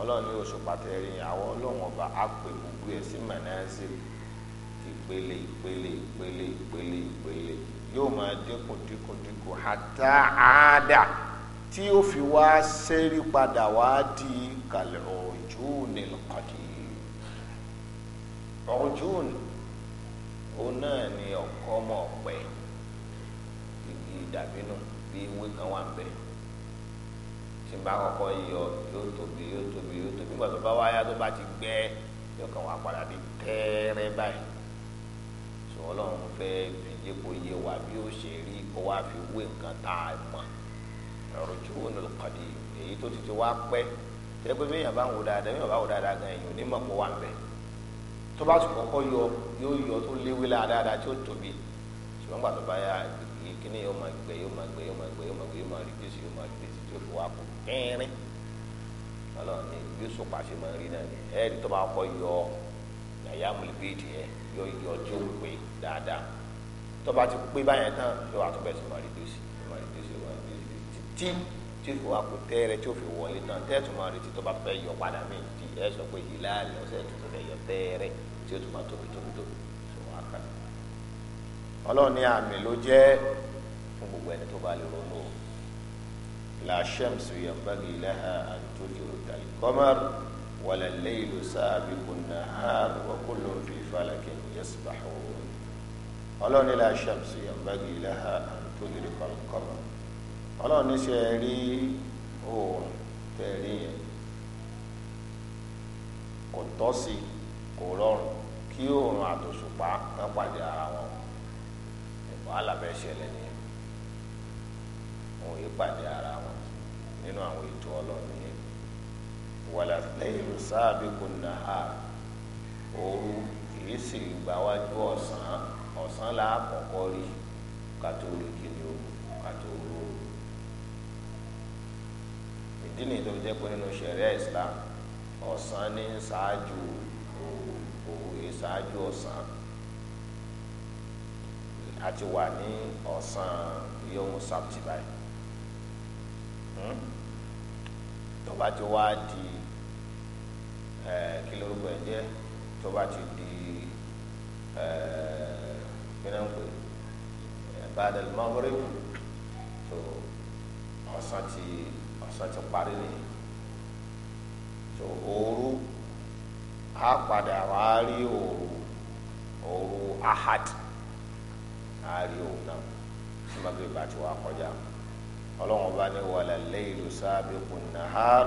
ọlọ́run ní oṣù pàtẹ́rì àwọn ọlọ́run ọba àpè gbogbo ẹ̀ sí mẹ́nẹ́sì yóò máa dínkù dínkù dínkù hàtà àádà tí ó fi wá sẹ́rí padà wá di kàlẹ́ ọ̀jú nílùkọ́dì ọ̀jú òun náà ni ọ̀kọ́ ọmọ ọ̀pẹ igi dàbínú bí ewé kan wà ń bẹ tí n bá kọ́kọ́ yọ yóò tóbi yóò tóbi yóò tóbi nígbà tó bá wáyá tó bá ti gbẹ yóò kàn wá padà di tẹ́ẹ́rẹ́ báyìí sọ ọlọ́run fẹ́ẹ́ bí. jẹ́ kó yé wa bí ó ṣe rí kó wá fi wé nǹkan tá a mọ̀ rujunul qadim èyí tó ti ti wá pẹ́ tẹ́gbẹ́ bí èèyàn bá ń wò dáadáa èèyàn bá wò dáadáa gan èèyàn ní kó wà bẹ́ẹ̀ tó bá tún kọ́kọ́ yọ yóò yọ tó léwé dáadáa tí ó tóbi ṣùgbọ́n gbà tó bá yá kíní yóò máa gbẹ yóò máa gbẹ yóò máa gbẹ yóò máa gbẹ yóò máa yóò máa fi wá kó kẹ́rin bí máa rí náà ẹ̀ẹ́dì tó bá kọ́ yọ yọ yọ tó bá ti pé báyẹn tán yóò wá tó bẹ̀rẹ̀ sí máa reduce máa reduce máa reduce títí tí kò wá kó tẹ́rẹ̀ tí ó fi wọlé tán tẹ́ẹ̀tù máa retí tó bá fẹ́ yọ padà mí ti ẹ sọ pé ìlàlẹ̀ ọ̀sẹ̀ tó fẹ́ yọ tẹ́rẹ̀ tí ó tún máa tóbi tóbi tóbi tó wá kà. ọlọ́run ní àmì ló jẹ́ fún gbogbo ẹni tó bá lè ronú o la shamsu yanbaghi laha an tudrika al-qamar wala al-laylu sabiqu an-nahar wa kullun fi ọlọ́run ní la shamsi yambagi laha tó lè kọ́lọ́kọ́lọ́ ọlọ́run ní ṣe rí oòrùn tẹ̀ rí yẹn kò tọ́ sí kò rọrùn kí oòrùn àtòṣùpá kan pàdé ara wọn wàhálà bẹ́ẹ̀ ṣẹlẹ̀ nìyẹn wọn yìí pàdé ara wọn nínú àwọn ètò ọlọ́run yẹn wàlà lẹ́yìn sáàbì kò nà á òru kìí sì gbà wájú ọ̀sán ọ̀sán la kọ́kọ́ rí kàtó rí kíni o kàtó rí o ìdí nìyí tó jẹ́ pé nínú sẹ̀ríà Islam ọ̀sán ní ṣáájú òwe ṣáájú ọ̀sán àti wà ní ọ̀sán yóò sábtì báyìí hmm? tó bá ti wá di eh, kí lórúkọ ẹ jẹ́ tó ti di. Uh, kínan pé eh, badal maghrib tó ọ̀sán ti ọ̀sán ti parí nìyí tó òru á padà wá rí òru òru ahad á rí òru náà tí maghrib bá ti wá kọjá ọlọ́run bá ní wàlà laylu sabiqun nahar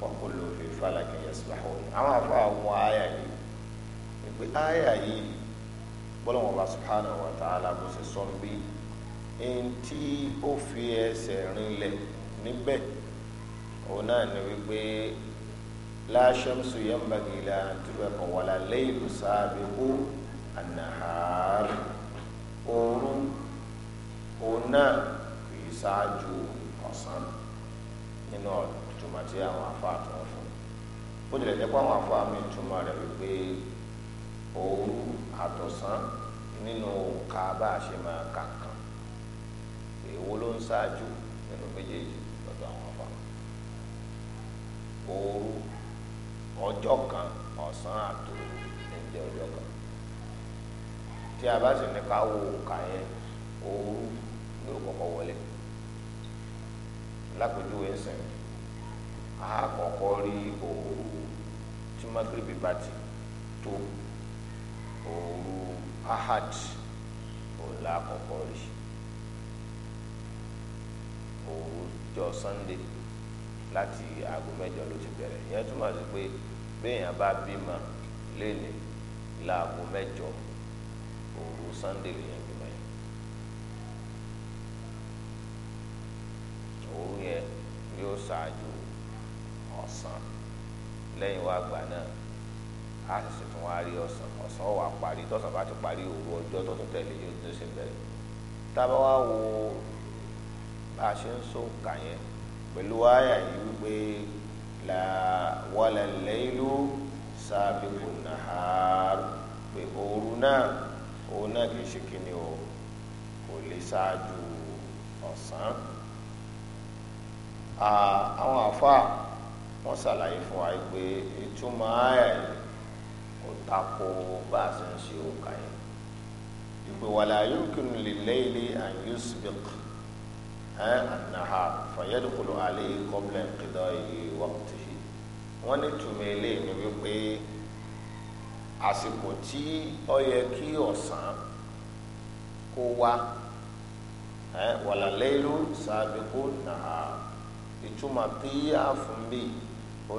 wa kullu fi falakin yasbahun àwọn afọ àwọn àyà yìí ìpè àyà yìí bọ́lọ́wọ́n bá subhanahu wa ta'ala bó ṣe sọ bí ẹni tí ó fi ẹsẹ̀ rinlẹ̀ níbẹ̀ òun náà ni wípé la shamsu yanbaghi laha an tubaqa wala laylu sabiqu an-nahar oorun òun náà kì í ṣáájú ọ̀sán nínú ìtumọ̀ tí àwọn afá tó ń fún bó tilẹ̀ jẹ́ pé àwọn afá mi túmọ̀ rẹ̀ wípé òun àtọ̀sán nínú òǹkà bá a ṣe máa kà kan èwo ló ń ṣáájú nínú méjèèjì lọ́dọ̀ àwọn ọba òru ọjọ́ kan ọ̀sán àtòru ẹ̀jẹ̀ ọjọ́ kan tí a bá sì ní ká wo òǹkà yẹn òru ló kọ́kọ́ wọlé lápèjúwe ẹsẹ̀ a kọ́kọ́ rí òru tí magrebi bá ti tó òru ahad òla àkọ́kọ́ rí òru jọ sunday láti aago mẹ́jọ ló ti bẹ̀rẹ̀ ìyẹn túmọ̀ sí pé béèyàn bá bímọ léni láago mẹ́jọ òru sunday lèyàn bímọ yẹn òru yẹn yóò ṣáájú ọ̀sán lẹ́yìn wá gbà náà a sì sì tún wá rí ọ̀sán ọ̀sán wà parí tọ̀sán bá ti parí òru ọjọ́ tó tó tẹ̀lé yóò tó ṣe bẹ̀rẹ̀ tábà wá wo bá a ṣe ń so kà yẹn pẹ̀lú àyà yìí wípé la wàlẹ̀ lẹ́yìnlú sábìkù nàhàrù pé òru náà òun náà kì í ṣe kíni o kò lè ṣáájú ọ̀sán àwọn àfa wọn ṣàlàyé fún wa pé ìtumọ̀ àyà ó tako bá a ṣe ń ṣe òkà yẹn ìpè wàlẹ̀ ayọ́kùnrin lillayli an yusbiq ẹ̀ ànàhà fayadkhulu alayhi qabla inqida'i waqtihi wọ́n ní tùmí ilé ni wípé àsìkò tí ó yẹ kó wá ẹ wàlàlẹ́lú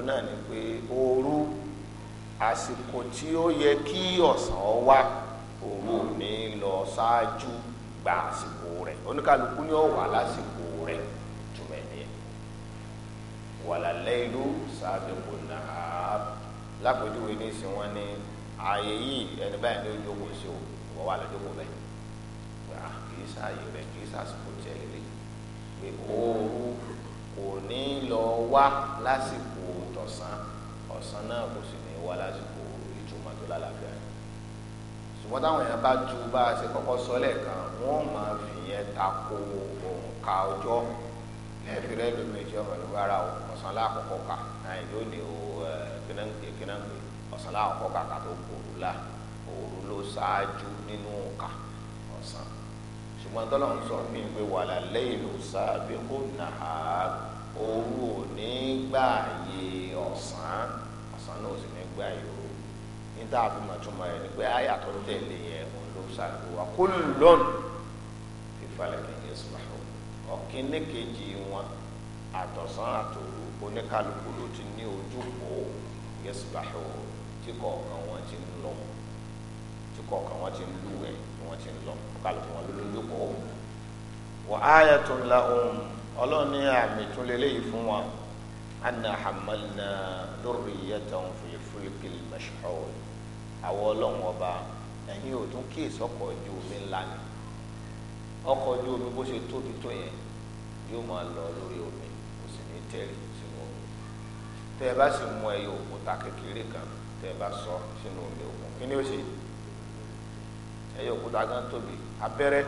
ni ooru. àsìkò tí ó yẹ kí ọ̀sán wá òru ní lọ ṣáájú gba àsìkò rẹ̀ oníkàlùkù ni ó wà lásìkò rẹ̀ jùmọ̀ ẹ̀ nìyẹn wàlálẹ́ ìlú sábẹ́kù náà lápèjúwe ní ìsìn wọn ni ààyè yìí ẹni báyìí ló jókòó sí o wọ́n wà lójókòó bẹ́ẹ̀ pé à ah, kìí sáàyè rẹ̀ kìí sàsìkò tiẹ̀ lélẹ̀ pé ooru kò ní lọ wá lásìkò tọ̀sán ọ̀sán náà kò sí wá lásìkò ìtumọ̀ tó lálàáfíà ni ṣùgbọ́n táwọn èèyàn bá tu bá a ṣe kọ́kọ́ sọ lẹ́ẹ̀kan wọ́n máa fi yẹn tako òǹkà ọjọ́ lẹ́ẹ̀fi rẹ lómi tí ọmọ ìlú ara ọ̀sán láàkọ́kọ́ kà náà yóò ní o kínáǹgbé ọ̀sán láàkọ́kọ́ kà kà tó gbòòrò la òru ló ṣáájú nínú òǹkà ọ̀sán ṣùgbọ́n tọ́lọ̀ ń sọ mí pé wàhálà lẹ́yìn ló sábẹ́ kó nàá òru ò ní ọ̀sán náà ò sì ní gbà yìí o ní tá a fi mà túmọ̀ ẹ̀ ni pé àyà tó tẹ̀lé yẹn òun ló ṣàlùwò wa kó lọ́n fífalẹ̀ kẹ̀kẹ́ sùpàṣọ ọ̀kíní kejì wọn àtọ̀sán àtòrò oníkálukú ló ti ní ojú kó kẹ̀kẹ́ sùpàṣọ tí kọ̀ọ̀kan wọn ti ń lọ tí kọ̀ọ̀kan wọn ti ń lúwẹ̀ tí wọ́n ti ń lọ kálukú wọn ló lójú kó wọ́n la ohun ọlọ́ọ̀ni àmì tún lélẹ́yìí fún wọn anna hamalna dhurriyatan fi fulkil mashhur àwọn ọlọ́run ọba ẹ̀yin ò tún kíyèsí ọkọ̀ ojú omi ńlá ni ọkọ̀ ojú omi bó ṣe tóbi tó yẹn yóò máa lọ lórí omi kò sì ní tẹ̀lé sínú omi tẹ́ ẹ bá sì mú ẹyọ òkúta kékeré kan tẹ́ ẹ bá sọ sínú omi òkun kí ni ó ṣe ẹyọ òkúta gan tóbi abẹ́rẹ́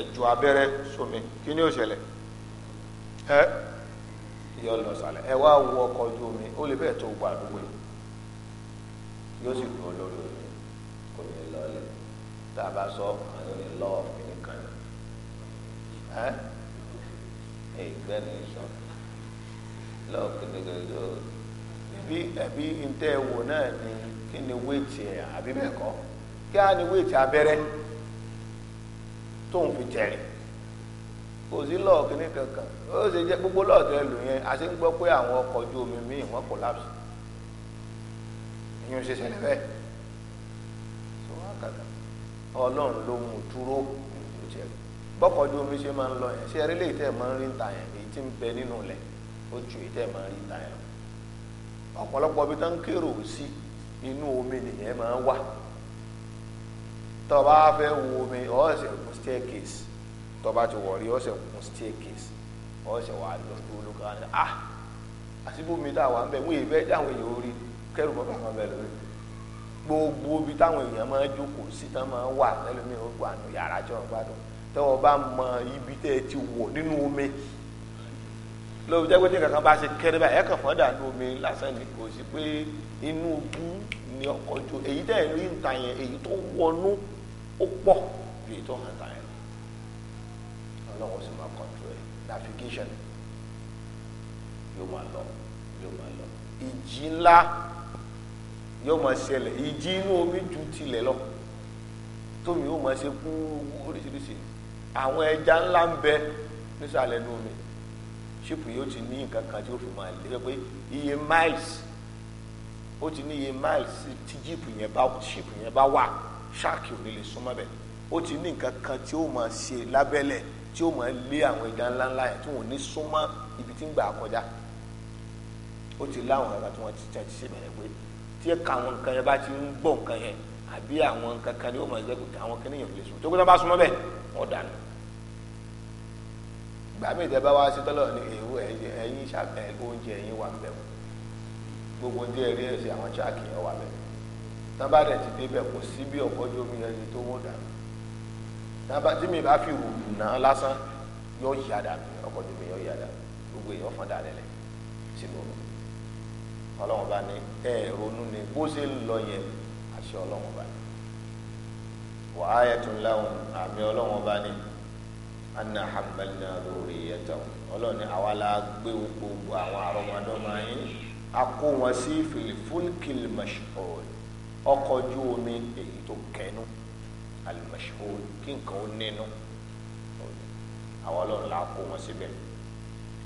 ẹjọ abẹ́rẹ́ sómi kí ni ó ṣẹlẹ̀ ẹ yọ lọ sàlẹ̀ ẹ wá wọ ọkọ̀ ojú omi ó lè bẹ́ẹ̀ tó gba àdúgbò yóò sì gbọ́ lórí omi kò ní lọ lẹ tá a bá sọ àwọn ní lọ ọ̀gbìn kan ẹ ìgbẹ́ ní sọ lọ kìnnìkìnnìkò bí ẹbí ntẹ wò náà ni kí ni wéètì ẹ àbí bẹ́ẹ̀ kọ́ kí á ní wéètì abẹ́rẹ́ tó ń fi tẹ̀rẹ̀. kò sí lọ́ọ̀ kankan ó gbogbo yẹn a ṣe ń gbọ́ pé àwọn ọkọ̀ ojú omi míì wọ́n collapse ìyẹn ò ṣe ṣẹlẹ̀ sọ wá kàkà ọlọ́run ló dúró omi ṣe máa ń lọ yẹn ṣé eré lèyí tẹ́ ẹ̀ máa ń rí ń ta yẹn èyí tí ń bẹ nínú ó ju èyí omi ọ tọba ti wọ̀ rí ọ̀sẹ̀ gun staircase ọ̀sẹ̀ wà lọ olùkọ́ àná ah àtibómi dà wà ń bẹ̀ wọ́n yìí bẹ́ẹ̀ dáwọn èèyàn orí kẹ́rù bọ́ bàbá bẹ̀ lórí gbogbo ibi táwọn èèyàn máa jókòó sí tán máa wà lẹ́lòmíràn ó gbà yàrá jọ̀ọ́ gbádùn tẹ́wọ́ bá mọ ibi tẹ́ ẹ ti wọ̀ nínú omi lóbi jẹ́ kankan bá ṣe kẹ́rẹ́ báyìí ẹ̀kan fọ́n dànù omi lásán ni kò sí pé inú bú ni ọkọ̀ jó èyí tẹ́ ẹ̀ rí ìta yẹn èyí ọlọ́run sì máa control ẹ̀ navigation yóò máa lọ yóò máa lọ ìjì ńlá yóò máa ṣẹlẹ̀ ìjì inú omi ju tilẹ̀ lọ tómi yóò máa ṣe kú oríṣiríṣi àwọn ẹja ńlá ń bẹ nísàlẹ̀ inú omi ṣípù yóò ti ní nǹkan kan tí ó fi máa lé pé iye miles ó ti ní iye miles tí jíìpù yẹn bá ṣípù yẹn bá wà ṣáàkì ò ní lè súnmọ́ bẹ̀ ó ti ní nǹkan kan tí ó máa ṣe lábẹ́lẹ̀ tí o máa lé àwọn ẹja ńláńlá yẹn tí wọn ò ní súnmọ́ ibi tí ń gbà kọjá ó ti láwọn ẹ̀ka tí wọ́n ti tẹ̀ ti ṣe bẹ̀rẹ̀ pé tí ẹ̀ka àwọn nǹkan yẹn bá ti ń gbọ́ nǹkan yẹn àbí àwọn nǹkan kan ni ó máa gbẹ́kùn àwọn kan níyàn lè sùn tó kí wọ́n bá súnmọ́ bẹ́ẹ̀ wọ́n dànù gbà mí ìdẹ́bá wá sí tọ́lọ̀ ní èwo ẹ̀yìn ìṣàbẹ̀ oúnjẹ ẹ̀yìn wà bẹ̀ gbogbo ní ẹ̀rí ẹ̀sìn àwọn ṣáàkì yẹn wà bẹ̀ tábàdẹ̀ ti débẹ̀ kò sí bí ọ̀pọ̀jọ́ omi ẹni tó wọ́n dànù tí mi bá fi wù náà lásán yóò yá dànù ọkọ̀ tó mi yóò yá dànù gbogbo èèyàn fọ́n dànù lẹ̀ sínú omi ọlọ́run bá ní ẹ ronú ni bó ṣe ń lọ yẹn àṣẹ ọlọ́run bá ní wàá yẹtun láwọn àmì ọlọ́run bá ní anna hamalna lórí yẹtọ̀ ọlọ́run ní àwa la gbé gbogbo àwọn àrọ́mọdọ́mọ yín a kó wọn sí fìlìfúlkìlì mọ̀ṣọ́ ọkọ̀ ojú omi èyí tó kẹnu alimashhud kí nǹkan ó nínú àwọn ọlọ́run là kó wọn síbẹ̀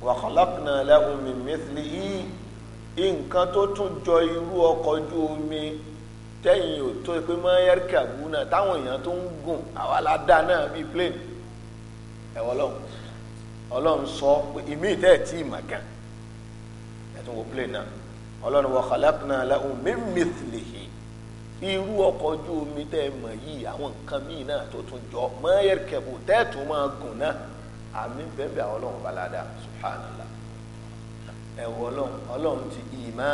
wa khalaqna lahum min mithlihi nǹkan tó tún jọ irú ọkọ̀ ojú omi tẹ́yìn ò tó pé mọ́ ẹ́ríkà gbúná táwọn èèyàn tó ń gùn àwa la dá náà bíi plane ẹ̀wọ̀ ọlọ́run ọlọ́run sọ pé ìmí ìtẹ́ ẹ̀ tí ì mà gan ẹ̀ tún wo plane náà ọlọ́run wa khalaqna lahum min mithlihi irú ọkọ̀ ojú omi tẹ́ ẹ mọ̀ yìí àwọn nǹkan míì náà tó tún jọ mọ́yẹ́r kẹ̀bù tẹ́ẹ̀tù máa gùn náà àmì bẹ́ẹ̀ bẹ́ẹ̀ ọlọ́run balada subhanallah ẹ̀wọ̀ ọlọ́run ọlọ́run ti ìmọ̀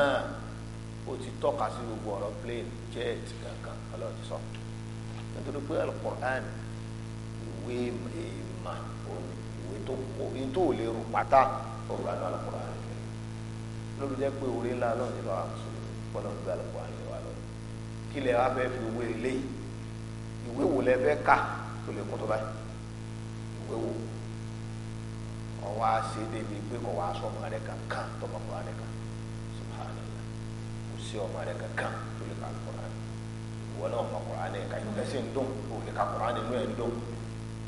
ó ti tọ́ka sí gbogbo ọ̀rọ̀ plane jet kankan ọlọ́run ti sọ nítorí pé alukur'an ìwé ìmọ̀ ìwé tó kó ètò ìlérò pátá ọ̀rọ̀ àná alukur'an lórí jẹ́ pé orí ńlá náà nílò àwọn mùsùlùmí kí lè wá fẹ́ fi ìwé eléyìí ìwé wo lẹ fẹ́ kà tó lè kún tó báyìí ìwé wo ọwọ́ àṣẹ débi pé kò wá aṣọ ọmọ rẹ kankan tó bá kọ́ rẹ kan subhanallah kò sí ọmọ rẹ kankan tó lè ka Kùránì ìwọ náà ọmọ Kùránì kan yóò kẹsí ń dùn kò lè ka Kùránì inú ẹ̀ ń dùn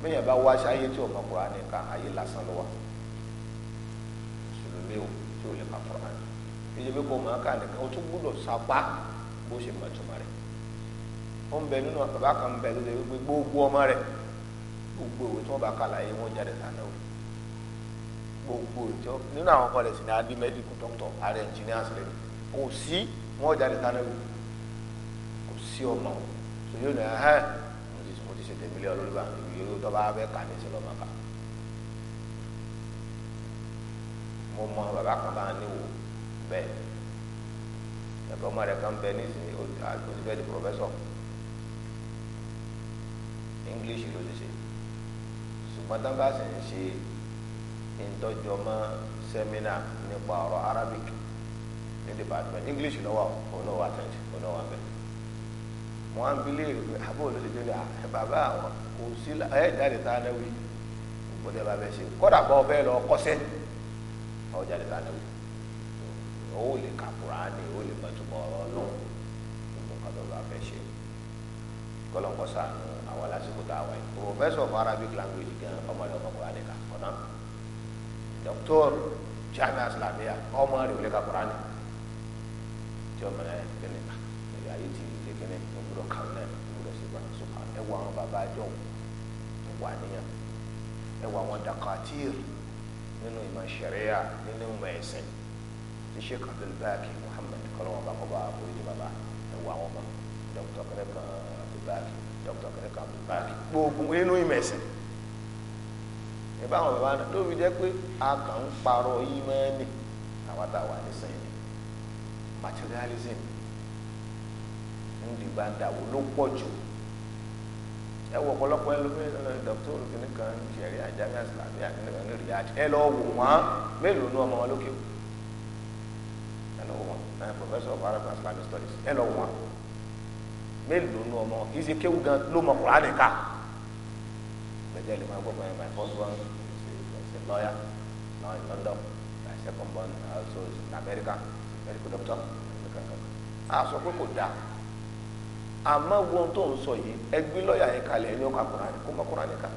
bẹ́ẹ̀ bá wá aṣọ ayé tí ọmọ Kùránì kan ayé lásán lọ́wọ́ mùsùlùmí o tí ò lè ka Kùránì ìjẹ́bí kò máa kà nìkan o tún gbúdọ̀ bó ṣe mọ ìtumọ̀ rẹ̀ ó ń bẹ nínú bàbá kan bẹ lóde wípé gbogbo ọmọ rẹ̀ gbogbo òwe tí wọ́n bá kàlà yìí wọ́n jáde sànà o gbogbo ìjọ nínú àwọn kọlẹ̀ sí ní adi medical doctor ààrẹ engineers rẹ̀ kò sí wọ́n jáde sànà o kò sí ọmọ o sọyọ ní ẹhẹ mo ti ṣe tẹ̀mílẹ̀ olólùbá ìwé yóò tọ́ bá fẹ́ kà ní ìṣẹ̀lẹ̀ ọmọ kan mo mọ bàbá kan bá ní wò bẹ́ẹ̀ ẹ̀kọ́ ọmọ rẹ̀ kan bẹ ní òṣìṣẹ́ di english ló ti ṣe ṣùgbọ́n tán bá sì ń ṣe ìtọ́jọ́ mọ́ sẹ́mínà nípa ọ̀rọ̀ arabic ní department english lọ́wọ́ òun náà wà tẹ̀sí òun náà wà bẹ̀rẹ̀ wọn á bi léèrè pé àbúrò ló ti jẹ́ ẹ bàbá àwọn kò sí ẹ jáde tá a náwó yìí kò bàbá ẹ ṣe kódà bọ́ ọ bẹ́ẹ̀ lọ kọ́sẹ́ ọ jáde tá a náwó yìí ó lè ka kuraani ó lè mọ̀tòmọ̀ ọ̀rọ̀ lóhùn gbogbo nǹkan tó bá fẹ́ ṣe kọlọ́nkọ́ sànù àwọn lásìkò tá a wáyé professor of Arabic language gan ọmọdé ọmọ kuraani kà kọ́nà doctor jamiu islamiyah ọmọ rẹ̀ ó lè ka kuraani tí ọmọ rẹ̀ kéne ah, ẹ̀yà ayé ti lè kéne ọgbọ́dọ̀ kàn náà ọgbọ́dọ̀ sí ìbára sọ̀kà ẹ wọ àwọn bàbá àjọ wà níyàn ẹ wọ àwọn dakatir nínú ìmọ̀ ṣẹ̀ríyà nínú ìmọ̀ ẹ̀sìn da shek abdulbaki muhammad kalon ba ko ba ko yi ba ba da dr greka dr greka abdulbaki gbogbo inú ìmẹ̀sìn ẹ bá àwọn bàbá tó fi pé a kàn ń parọ́ yìí mẹ́ni àwọn àtàwọn àdìsàn yìí materialism ló jù ẹ wọ dọkítọ olùkíní kan àti ẹ lọ wò wọn mélòó ní ọmọ wọn lókè wò Eh, professor of Arabic and Islamic studies ẹ lọ mélòó nu ọmọ kì í gan ló mọ kura nìka gbẹdẹ lè máa gbọgbọ yẹn my first one is a lawyer now in London my second one also is in America medical doctor a sọ pé kò dáa àmọ́ wọn tó ń sọ yìí ẹgbẹ́ lọ́ọ̀yà yẹn kalẹ̀ ẹni ọkọ̀ àkùrà kó mọ kura nìka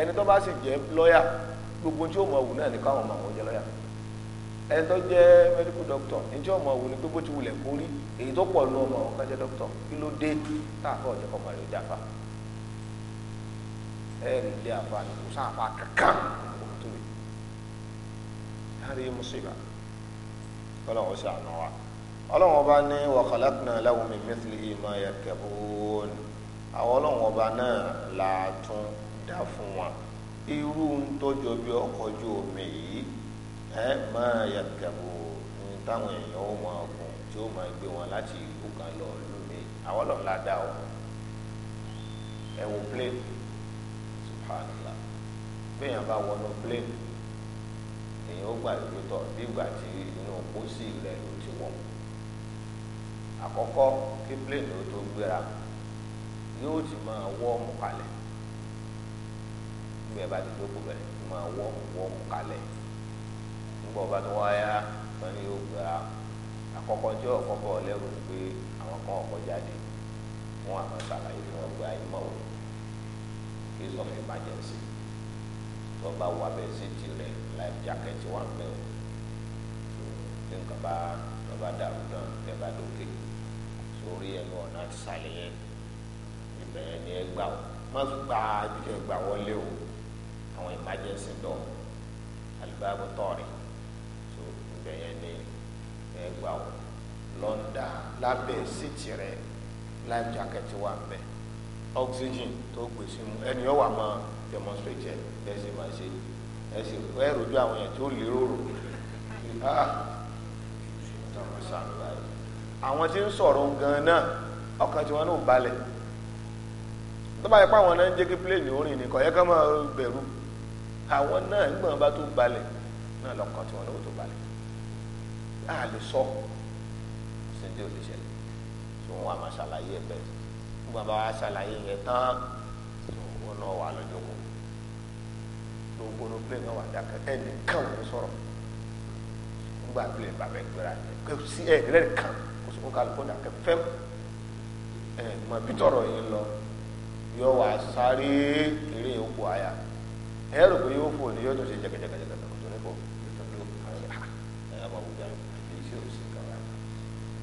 ẹni tó bá sì jẹ́ lọ́ọ̀yà gbogbo tí ó mọ̀ wù náà ní káwọn ọmọ àwọn jẹ́ lọ́ọ̀yà. ẹni tó jẹ́ medical doctor ǹjẹ́ ọmọ wò ni pé bó ti wulẹ̀ kó rí èyí tó pọ̀ nù ọmọ ọ̀kan jẹ́ doctor kí ló dé táàkọ́ ọ̀jẹ̀ fa ni kò kankan kò tó lè ṣe wa ọba wa ma àwọn wa ẹ máa yàgàbò ní táwọn èèyàn ó máa gùn tí ó máa gbé wọn láti ìlú kan lọ ìlú mi àwọn ọlọ́run ládàá o ẹ wo plane subhanallah bẹ́ẹ̀ bá wọnú plane èèyàn ó gbà ìlú tọ̀ bí ìgbà tí inú pósí rẹ̀ ló ti wọ̀ àkọ́kọ́ kí plane ó tó gbéra yóò ti máa wọ́ọ̀mù kalẹ̀ bí ẹ bá ti dókòó bẹ̀rẹ̀ máa wọ́ọ̀mù wọ́ọ̀mù kalẹ̀ bọ̀ bá ní wáyà tán ni yóò gbà àkọ́kọ́ tí ọ̀kọ́ bọ̀ lẹ́rù ni pé àwọn kan ọ̀kọ́ jáde fún àwọn sàlàyé fún ọgbà ìmọ̀ wò case of emergency tó bá wà bẹ́ẹ̀ sí tirẹ̀ life jacket one mẹ́ o tí nǹkan bá tó bá dàrú náà tẹ́ bá dókè sórí ẹnu ọ̀nà àti sàlẹ̀ yẹn ibẹ̀ yẹn ni ẹ gbà o má gbà á ju ẹ gbà wọlé o àwọn emergency dọ̀ alibaba tọ̀rẹ̀ ibẹ̀ yẹn ní ẹgbà o lọ́ndà lábẹ́ síìtì rẹ life jacket wà bẹ̀ oxygen tó gbèsè mu ẹni yóò wà mọ́ demonstrate ẹ̀ bẹ́ẹ̀ sì máa ṣe ẹ sì ẹ rojú àwọn yẹn tí ó lérò rò ah! àwọn tí ń sọ̀rọ̀ gan-an náà ọkàn tí wọ́n náà balẹ̀ tó bá yẹ pé àwọn náà ń jẹ́ kí pílẹ̀nì orin nìkan yẹ ká máa bẹ̀rù àwọn náà ń gbọ̀n bá tó balẹ̀ náà lọ́kàn tí wọ́n náà tó balẹ̀ a lè sọ síndé ò lè ṣẹlẹ̀ tó wọn àmà ṣàlàyé ẹ bẹ́ẹ̀ nígbà bá wa ṣàlàyé yẹn tán tó wọn náà wà lọ́jọ́ kù gbogbo ní plẹ̀ náà wà dákẹ́ ẹnì kan ò ní sọ̀rọ̀ nígbà plẹ̀ bàbá ẹgbẹ́ra ẹ sí ẹ̀ẹ́dẹ́rẹ́ kan kó sọ fún kálukú dákẹ́ fẹ́ ẹ̀ mọ̀ bí tọrọ yìí lọ yọ wà sáré eré òkú àyà ẹ̀rọ pé yóò fò ní yóò tó ṣe jẹgẹjẹgẹ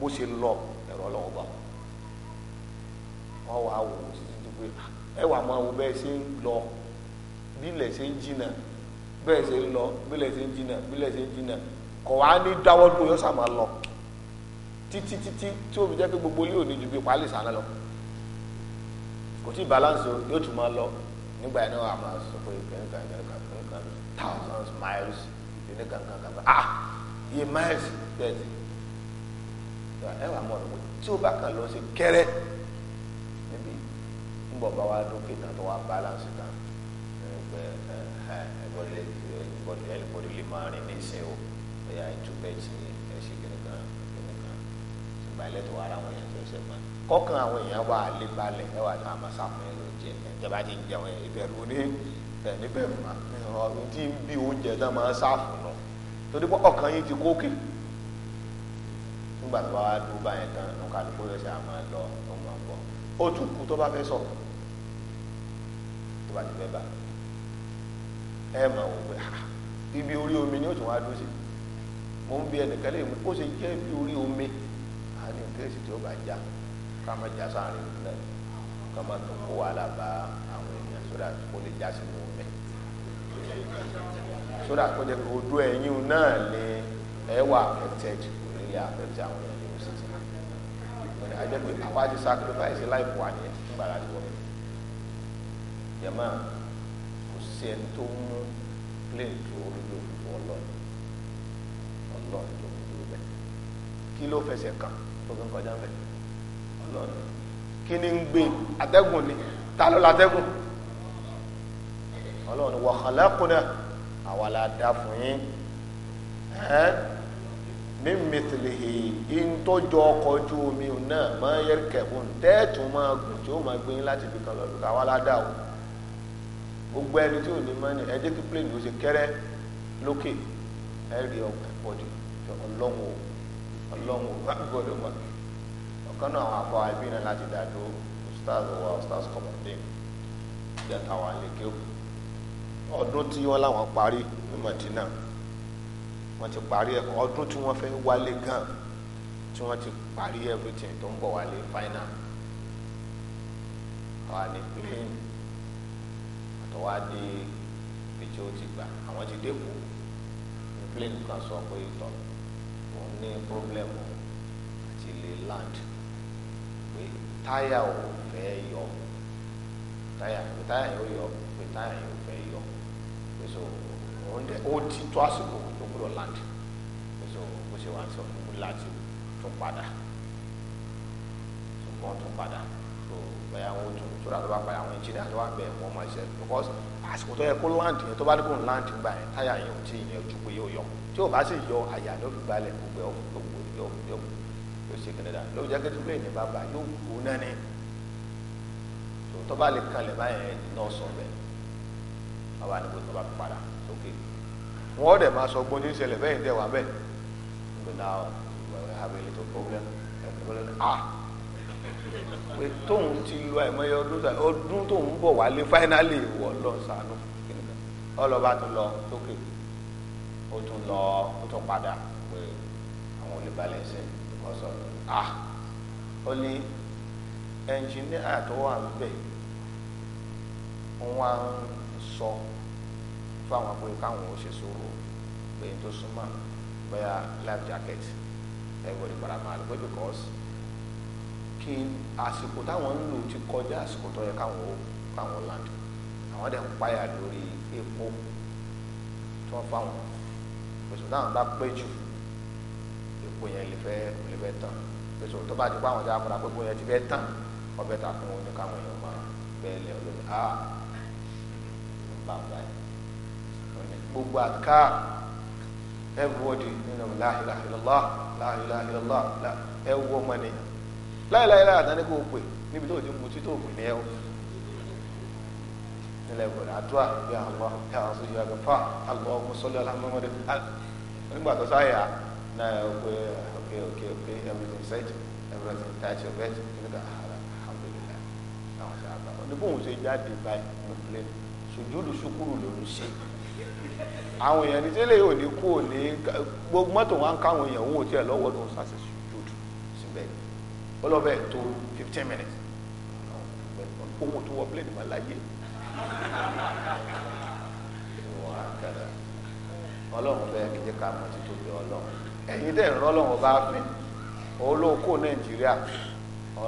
bó ṣe lọ ẹ̀rọ ọlọ́wọ́ bá wọn wà wò títí tó pé ah, ẹ wà máa wo bẹ́ẹ̀ ṣe ń lọ bí ilẹ̀ ṣe ń jìnà bẹ́ẹ̀ ṣe ń lọ bí ilẹ̀ ṣe ń jìnà bí ilẹ̀ ṣe ń jìnà kọ̀ wá ní dáwọ́ dúró yóò sàmà lọ títí títí tí ó fi jẹ́ pé gbogbo yóò ní ju bí pálí sànà lọ kò tí balance yóò tún máa lọ nígbà yẹn náà a máa sọ pé kẹ́ńkà kẹ́ńkà kẹ́ńkà thousands miles ní kankan kankan ah iye miles bẹ́ẹ̀ ti ẹ wà mọ̀ lọ́wọ́ tí ó bá kàn lọ sí kẹ́rẹ́ níbi ńgbọ̀n bá wa dókè náà tó wà balance náà ẹgbẹ́ ẹ ẹgbọ́dé lè lima rìn ní ìsìn o ẹ̀yà ìtúbẹ̀tì ẹ̀ṣin kìnìkan kìnìkan ìgbàlẹ̀ tó wà ara wọn yẹn tó ṣe máa kọ́kàn àwọn èèyàn wà lé balẹ̀ ẹ wà ní àmàṣàmù ẹ ló jẹ ìjọba ti ń jẹun ìbẹ̀rù ní níbẹ̀rù máa ọ̀rọ̀ tí ń bí oúnjẹ náà máa ń sáfù torí pé ọkàn yìí ti kókè nígbà tó bá wá dúró báyẹn tán nǹkan àdúgbò yẹn ṣe àmọ́ lọ tó máa ń bọ̀ ó tún kú tó bá fẹ́ sọ̀rọ̀ tó bá ti fẹ́ bá ẹ máa wò pé ah, ibi orí omi ni ó tún wá dúró sí mo ń bi ẹnìkan lè mú ó ṣe jẹ́ ibi orí omi àní ìkírèsì tí ó bá já ká má já sáàrin ìlú náà ká má tó kó wàhálà bá àwọn èèyàn sódà kó lè já sínú omi sódà kó jẹ́ pé ojú ẹ̀yìn náà ni ẹ wà protected. Ya, àfẹ́tí àwọn èèyàn yunifásitì wọn ni àjọ ti sacrifice life wa nìyẹn nígbà láti wọ jẹ̀mọ́ kò sí ẹni tó mú plane tó olójú òfurufú ọlọ́ọ̀ni ọlọ́ọ̀ni tó kú dúró bẹ́ẹ̀ kí ló fẹsẹ̀ kàn tó fi ń kọjá ń bẹ̀ ọlọ́ọ̀ni kí ni ń gbé atẹ́gùn ni ta ló la atẹ́gùn ọlọ́ọ̀ni wa khalaqna àwa la dá fún yín ẹ́ẹ́. min mithlihi ihe ọkọ̀ ojú omi náà máa yẹ kẹ̀kún maa máa gùn tí ó máa gbé yín láti ibi kan lọ gbogbo ẹni tí ò ní mọ́ni ẹdí kí plane yóò ṣe kẹ́rẹ́ lókè ẹ rí ọkọ̀ ẹ̀pọ̀jù ọlọ́run o ọlọ́run o láti wa wọ́n ti parí ẹ̀ ọdún tí wọ́n fẹ́ wálé gan tí wọ́n ti parí everything tó ń bọ̀ wálé final wà ní plane àtọwá dé ibi tí ó ti gbà àwọn ti dé kú ní plane kan sọ pé ìtọ̀ òun ní problem àti lè land pé táyà ò fẹ́ yọ táyà pé táyà yóò yọ pé táyà yóò fẹ́ yọ pé so oúnjẹ ó ti tó àsìkò tó gbọ́dọ̀ land so bó ṣe wà ń sọ ó láti tún padà tó kàn tún padà so bẹ́ẹ̀ àwọn tún tó dà tó bá padà àwọn ẹnjìnìà tó wà bẹ́ẹ̀ wọ́n máa ṣe because àsìkò tó yẹ kó land yẹn tó bá dúkùn land gbà yẹn táyà yẹn ò tí ì yẹn ojú pé yóò yọ tí ò bá sì yọ àyà ló fi gbalẹ̀ gbogbo ẹ̀ gbogbo yóò yóò yóò ṣe kẹlẹ́ dáa lóòjẹ́ kẹ́tí plẹ̀ ní bàbá yóò wù ú náà ni tó bá lè kalẹ̀ báyẹn náà sọ bẹ́ẹ̀ bàbá ni kò tó bá padà sókè wọ́n dẹ̀ máa sọ gbọ́n tí ń ṣẹlẹ̀ wà bẹ́ẹ̀ gbé náà wọ́n have a little problem ah pé tóun ti lo àìmọye ọdún ọdún tóun bọ̀ wálé finally wọ́n lọ sànú ọlọ́ba tó lọ sókè ó tún lọ ó tún padà pé àwọn olùbalẹ̀ ṣe kọ́ sọ̀rọ̀ ah! ó ní ẹnjìníà tó wà ń bẹ̀ wọ́n sọ. So, fáwọn pé káwọn ò ṣe sùúrù pé n tó súnmọ́ bóyá life jacket everybody padà máa lò pé because kí àsìkò táwọn ń lò ti kọjá àsìkò tó yẹ káwọn ó káwọn land àwọn dẹ̀ ń páyà lórí epo tí wọ́n fáwọn pèsè táwọn bá pé jù epo yẹn lè fẹ́ lè fẹ́ tán pèsè tó bá ti pa àwọn ìjà padà pé epo yẹn ti fẹ́ tán ọbẹ̀ ta fún oníkàwọn èèyàn máa bẹ́ẹ̀ lẹ́ olómi ah bá a báyìí gbogbo àká everybody nínú láhìláhìlá láhìláhìlá ẹwọ ọmọ ènìyàn láhìláhìlá àtàní kò pè níbi tó ti mú títò pè ní ẹwọ nílẹ̀ ìbọ̀dà àdúrà bí àwọn ọ̀gá àwọn sọ́jà àgbẹ̀fà àgbà ọmọ sọ́lẹ̀ alámọ́mọ́dé nígbà tó sáyà náà ọ̀pẹ okay okay okay everything set everything tight your belt nígbà àhàrà alhamdulillah àwọn sábà oníbòhùn ṣe jáde báyìí ní plane sùjúdù ṣùkúrù lòún ṣe. àwọn èèyàn ní tí lè ní kú gbogbo mọ́tò wọn káwọn èèyàn òun tí tiẹ̀ lọ́wọ́ lòun ṣàṣẹ ṣùjúdù síbẹ̀ ọlọ́bẹ̀ tó fifteen minutes owó tó wọ plane mọ́ láyé ọlọ́run bẹ́ẹ̀ kí ká mọ̀ títí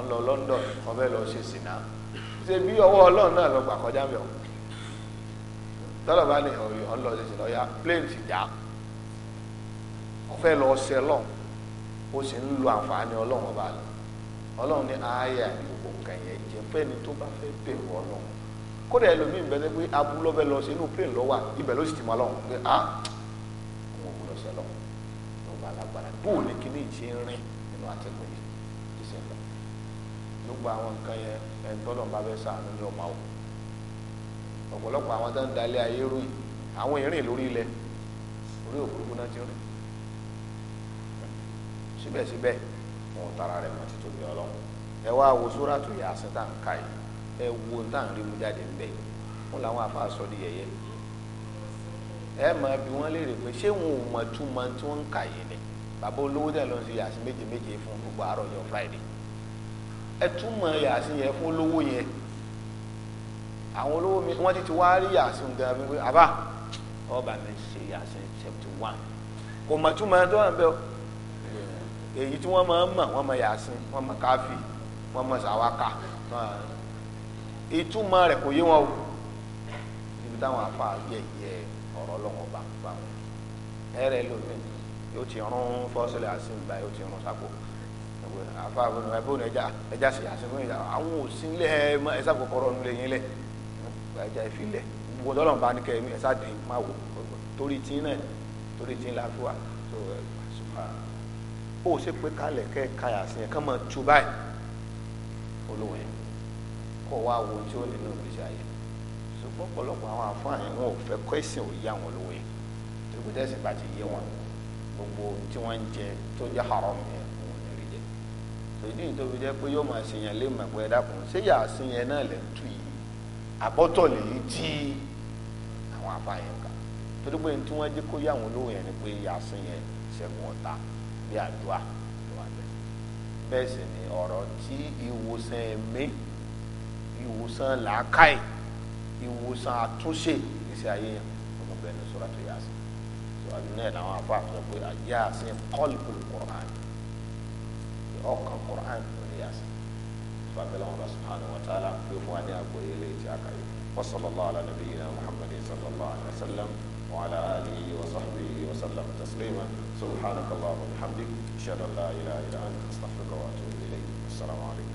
lọ London ọbẹ̀ lọ ṣe ṣe bí ọwọ́ ọlọ́run náà lọ gbà kọjá tọ́lọ̀ bá ní ọ̀rẹ́ ọ̀nlọ́ ṣe ṣẹlẹ̀ ọ̀yà plane ti dá ọ̀fẹ́ lọ ṣe lọ́n ó sì ń lo àǹfààní ọlọ́run ọba lọ ọlọ́run ní ayé àti gbogbo nǹkan yẹn jẹ́ fẹ́ni tó bá fẹ́ bẹ̀rù ọlọ́run kódà ẹlòmíín bẹ́ẹ̀ pé abúlọ́ bẹ́ẹ̀ lọ ṣe inú plane lọ́wọ́ ibẹ̀ ló sì ti mọ ọlọ́run pé ah òun ò lọ ṣe lọ́run ló bá lágbára bóun ní kíní ìṣe ń rìn nínú àtẹ̀kùn yìí ti gbogbo àwọn nǹkan yẹn ẹni tọ́lọ́ ọ̀pọ̀lọpọ̀ àwọn tó ń dalẹ̀ ayé rú yìí àwọn ìrìn lórí ilẹ̀ orí òfurufú náà ti rìn síbẹ̀síbẹ̀ wọn ò tara rẹ̀ mọ́ ti tóbi ọlọ́run ẹ wá wo sóràtù Yásìn tá à ń ka yìí ẹ wo tá à ń rí mu jáde ń bẹ̀ wọn làwọn afa sọ di yẹ̀yẹ́ ẹ máa bi wọn léèrè pé ṣé wọn ò mọ̀ túmọ̀ tí wọ́n ń kà yìí ni bàbá olówó dẹ̀ ló ń ṣe Yásìn méje méje fún gbogbo àárọ̀ yọ Friday ẹ túmọ̀ Yásìn yẹn fún olówó yẹn àwọn olówó mi wọ́n ti ti wá rí yàsìn gan mi àbá ọba mi ṣe yàsìn seventy one kò mọ̀ tún mọ̀ tó wà bẹ́ẹ̀ èyí tí wọ́n máa ń mọ̀ wọ́n mọ̀ yàsìn wọ́n mọ̀ káfí wọ́n mọ̀ sàwákà ìtumọ̀ rẹ̀ kò yé wọn o níbi táwọn afa yẹ̀yẹ́ ọ̀rọ̀ lọ́wọ́ bá bá wọn ẹ̀rẹ̀ lómi yóò ti rún fọ́sílẹ̀ àsìn báyìí yóò ti rún sápò afa àbúrò ẹja ẹja sì àsìn fún ìyá àwọn òsínlẹ̀ ẹ̀ sábò kọ́rọ́ nulẹ̀ yín lẹ̀ lágbájá ìfilẹ̀ gbogbo tọ́lọ̀ bá ní kẹrin ẹ̀sà dín má wò torí tí náà torí tí la fi wà tó ẹ̀ pàṣípà ó ṣe pé kalẹ̀ kẹ́ kayà sí yẹn kán mọ̀ tu báyìí olówó kọ́ wa wo tí ó nínú ìgbésí ayé ṣùgbọ́n ọ̀pọ̀lọpọ̀ àwọn àfáàní wọn ò fẹ́ kọ́ ẹ̀sìn ò yá wọn lówó yẹn torí tẹ̀sìn bá ti yé wọn gbogbo tí wọ́n ń jẹ tó jẹ́ haram yẹn wọn ò ní rí jẹ tòdí ìtòbi àbọ̀tọ̀ lèyí tí àwọn afa yẹn kà torí pé tí wọ́n dé kó yá àwọn olówó yẹn ni pé yàsín yẹn ṣẹ́gun ọ̀tá bí àdúrà ló wà bẹ́ẹ̀ bẹ́ẹ̀ sì ni ọ̀rọ̀ tí ìwòsàn ẹ̀mí ìwòsàn làákàyè ìwòsàn àtúnṣe ìgbésí ayé yẹn ọmọ bẹ́ẹ̀ ni sọ́ra tó yàsín sọ́ra náà làwọn afa àtúnṣe pé àjẹ́ àsìn kọ́lì pẹ̀lú kọ́ran ọkàn kọ́ran بعد الله سبحانه وتعالى يوم وادي أبو إلي وصلى الله على نبينا محمد صلى الله عليه وسلم وعلى آله وصحبه وسلم تسليما سبحانك اللهم وبحمدك أشهد أن لا إله إلا أنت أستغفرك وأتوب إليك السلام عليكم